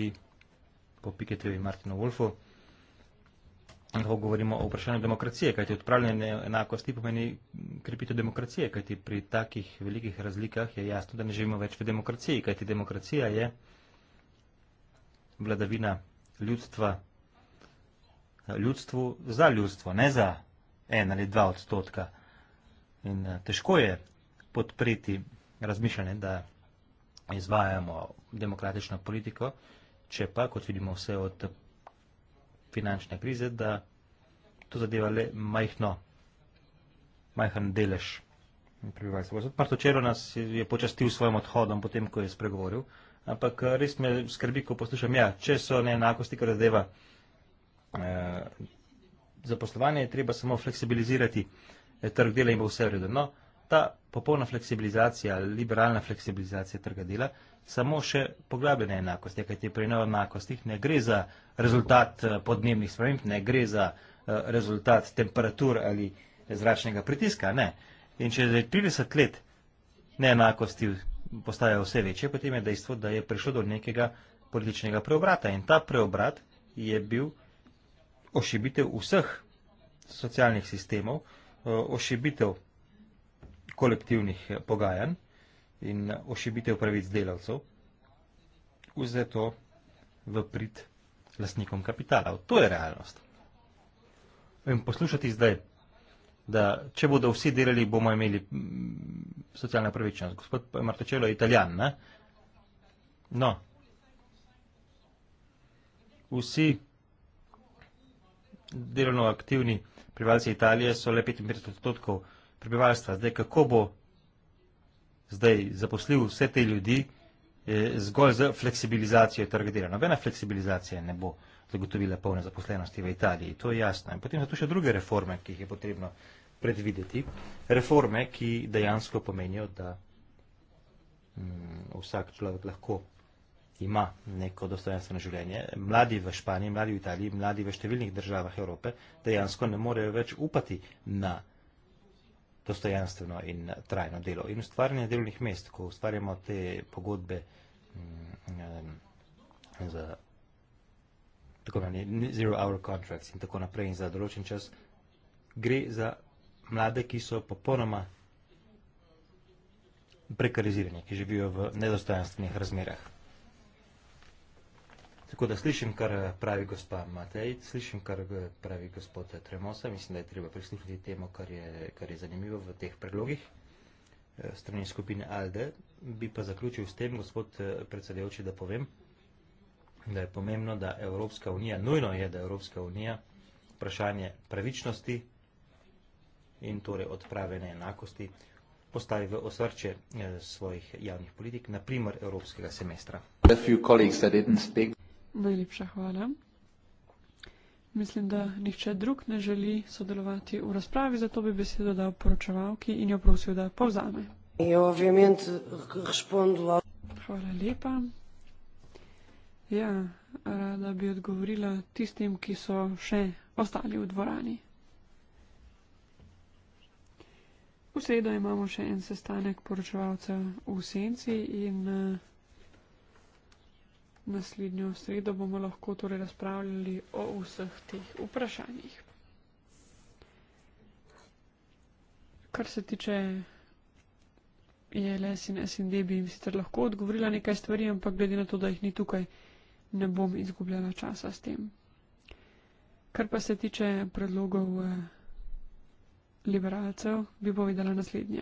po Piketeju in Martinu Wolfu lahko govorimo o vprašanju demokracije, kajti odpravljanje enakosti pomeni krepitev demokracije, kajti pri takih velikih razlikah je jasno, da ne živimo več v demokraciji, kajti demokracija je vladavina ljudstva, ljudstvu za ljudstvo, ne za en ali dva odstotka. In eh, težko je podpreti razmišljanje, da izvajamo demokratično politiko, če pa, kot vidimo vse od finančne krize, da to zadeva le majhno, majhen delež prebivalstva. Gospod Partočero nas je počastil svojim odhodom, potem ko je spregovoril, ampak eh, res me skrbi, ko poslušam, ja, če so neenakosti, kar zadeva eh, zaposlovanje, je treba samo fleksibilizirati eh, trg dela in bo vse vredno. No, ta popolna fleksibilizacija, liberalna fleksibilizacija trga dela, samo še poglabljena enakost. Kaj te prej neenakostih ne gre za rezultat eh, podnebnih sprememb, ne gre za eh, rezultat temperatur ali zračnega pritiska. Ne. In če že 30 let neenakosti postajajo vse večje, potem je dejstvo, da je prišlo do nekega političnega preobrata. In ta preobrat je bil ošibitev vseh socialnih sistemov, eh, ošibitev kolektivnih eh, pogajanj in eh, ošibitev pravic delavcev, vze to v prid lastnikom kapitala. To je realnost. In poslušati zdaj, da če bodo vsi delali, bomo imeli mm, socialna pravičnost. Gospod Martočelo je italijan, ne? No. Vsi delovno aktivni privalci Italije so le 55 odstotkov vsega, prebivalstva. Zdaj, kako bo zdaj zaposlil vse te ljudi eh, zgolj z fleksibilizacijo trga dela. Nobena fleksibilizacija ne bo zagotovila polne zaposlenosti v Italiji, to je jasno. In potem so tu še druge reforme, ki jih je potrebno predvideti. Reforme, ki dejansko pomenijo, da mm, vsak človek lahko ima neko dostojanstveno življenje. Mladi v Španiji, mladi v Italiji, mladi v številnih državah Evrope dejansko ne morejo več upati na dostojanstveno in trajno delo. In ustvarjanje delovnih mest, ko ustvarjamo te pogodbe m, mm, m, mm, mm, za tako imenje zero hour contracts in tako naprej in za določen čas, gre za mlade, ki so popolnoma prekarizirani, ki živijo v nedostojanstvenih razmerah. Tako da slišim, kar eh, pravi gospa Matej, slišim, kar eh, pravi gospod eh, Tremosa. Mislim, da je treba prisluhniti temu, kar je, kar je zanimivo v teh predlogih strani skupine ALDE. Bi pa zaključil s tem, gospod predsedujoči, da povem, da je pomembno, da Evropska unija, nujno je, da Evropska unija vprašanje pravičnosti in torej odprave neenakosti postavi v osrče svojih javnih politik, naprimer Evropskega semestra. A few colleagues that didn't speak. Najlepša hvala. Mislim, da nihče drug ne želi sodelovati v razpravi, zato bi besedo dal poročevalki in jo prosil, da povzame. Ja, hvala lepa. Ja, rada bi odgovorila tistim, ki so še ostali v dvorani. V sredo imamo še en sestanek poročevalcev v senci in uh, naslednjo sredo bomo lahko torej razpravljali o vseh teh vprašanjih. Kar se tiče ILS e in SND, bi jim sicer lahko odgovorila nekaj stvari, ampak glede na to, da jih ni tukaj, ne bom izgubljala časa s tem. Kar pa se tiče predlogov eh, liberalcev, bi povedala naslednje.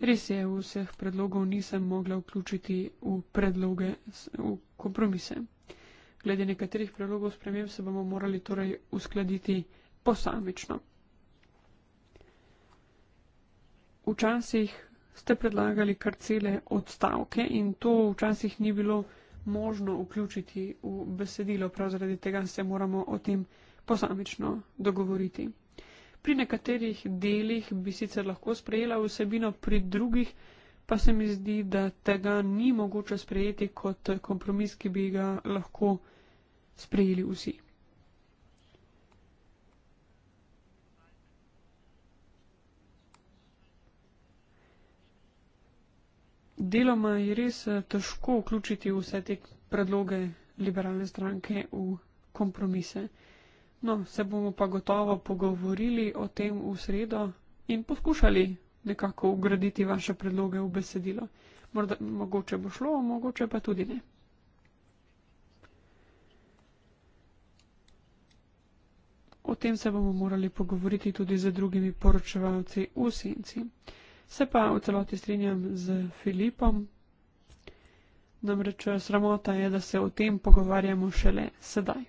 Res je, vseh predlogov nisem mogla vključiti v predloge, v kompromise. Glede nekaterih predlogov sprememb se bomo morali torej uskladiti posamično. Včasih ste predlagali kar cele odstavke in to včasih ni bilo možno vključiti v besedilo, prav zaradi tega se moramo o tem posamično dogovoriti. Pri nekaterih delih bi sicer lahko sprejela vsebino, pri drugih pa se mi zdi, da tega ni mogoče sprejeti kot kompromis, ki bi ga lahko sprejeli vsi. Deloma je res eh, težko vključiti vse te predloge liberalne stranke v kompromise. No, se bomo pa gotovo pogovorili o tem v sredo in poskušali nekako ugraditi vaše predloge v besedilo. Morda, mogoče bo šlo, mogoče pa tudi ne. O tem se bomo morali pogovoriti tudi z drugimi poročevalci v senci. Se pa v celoti strinjam z Filipom. Namreč sramota je, da se o tem pogovarjamo šele sedaj.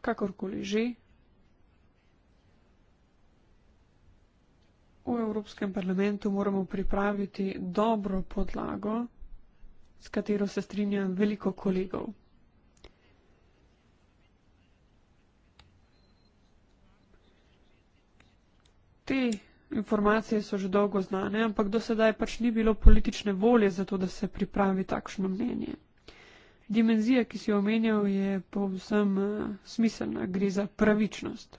kakorkoli že, v Evropskem parlamentu moramo pripraviti dobro podlago, s katero se strinja veliko kolegov. Te informacije so že dolgo znane, ampak do sedaj pač ni bilo politične volje za to, da se pripravi takšno mnenje. Dimenzija, ki si jo omenjal, je povsem uh, smiselna, gre za pravičnost.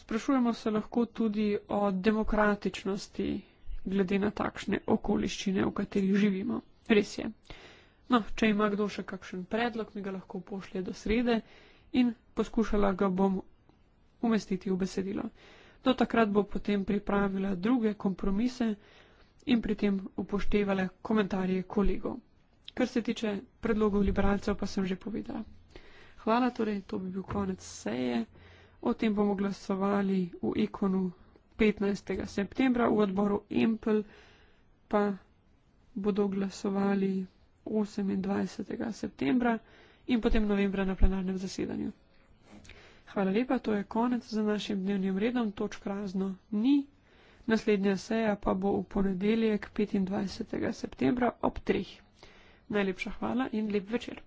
Sprašujemo se lahko tudi o demokratičnosti, glede na takšne okoliščine, v katerih živimo. Res je. No, če ima kdo še kakšen predlog, mi ga lahko pošlje do srede in poskušala ga bom umestiti v besedilo. Do takrat bo potem pripravila druge kompromise in pri tem upoštevale komentarje kolegov. Kar se tiče predlogov liberalcev, pa sem že povedala. Hvala, torej to bi bil konec seje. O tem bomo glasovali v ikonu 15. septembra v odboru Empel, pa bodo glasovali 28. septembra in potem novembra na plenarnem zasedanju. Hvala lepa, to je konec za našim dnevnim redom, točk razno ni. Naslednja seja pa bo v ponedeljek 25. septembra ob 3. Najlepša hvala in lep večer.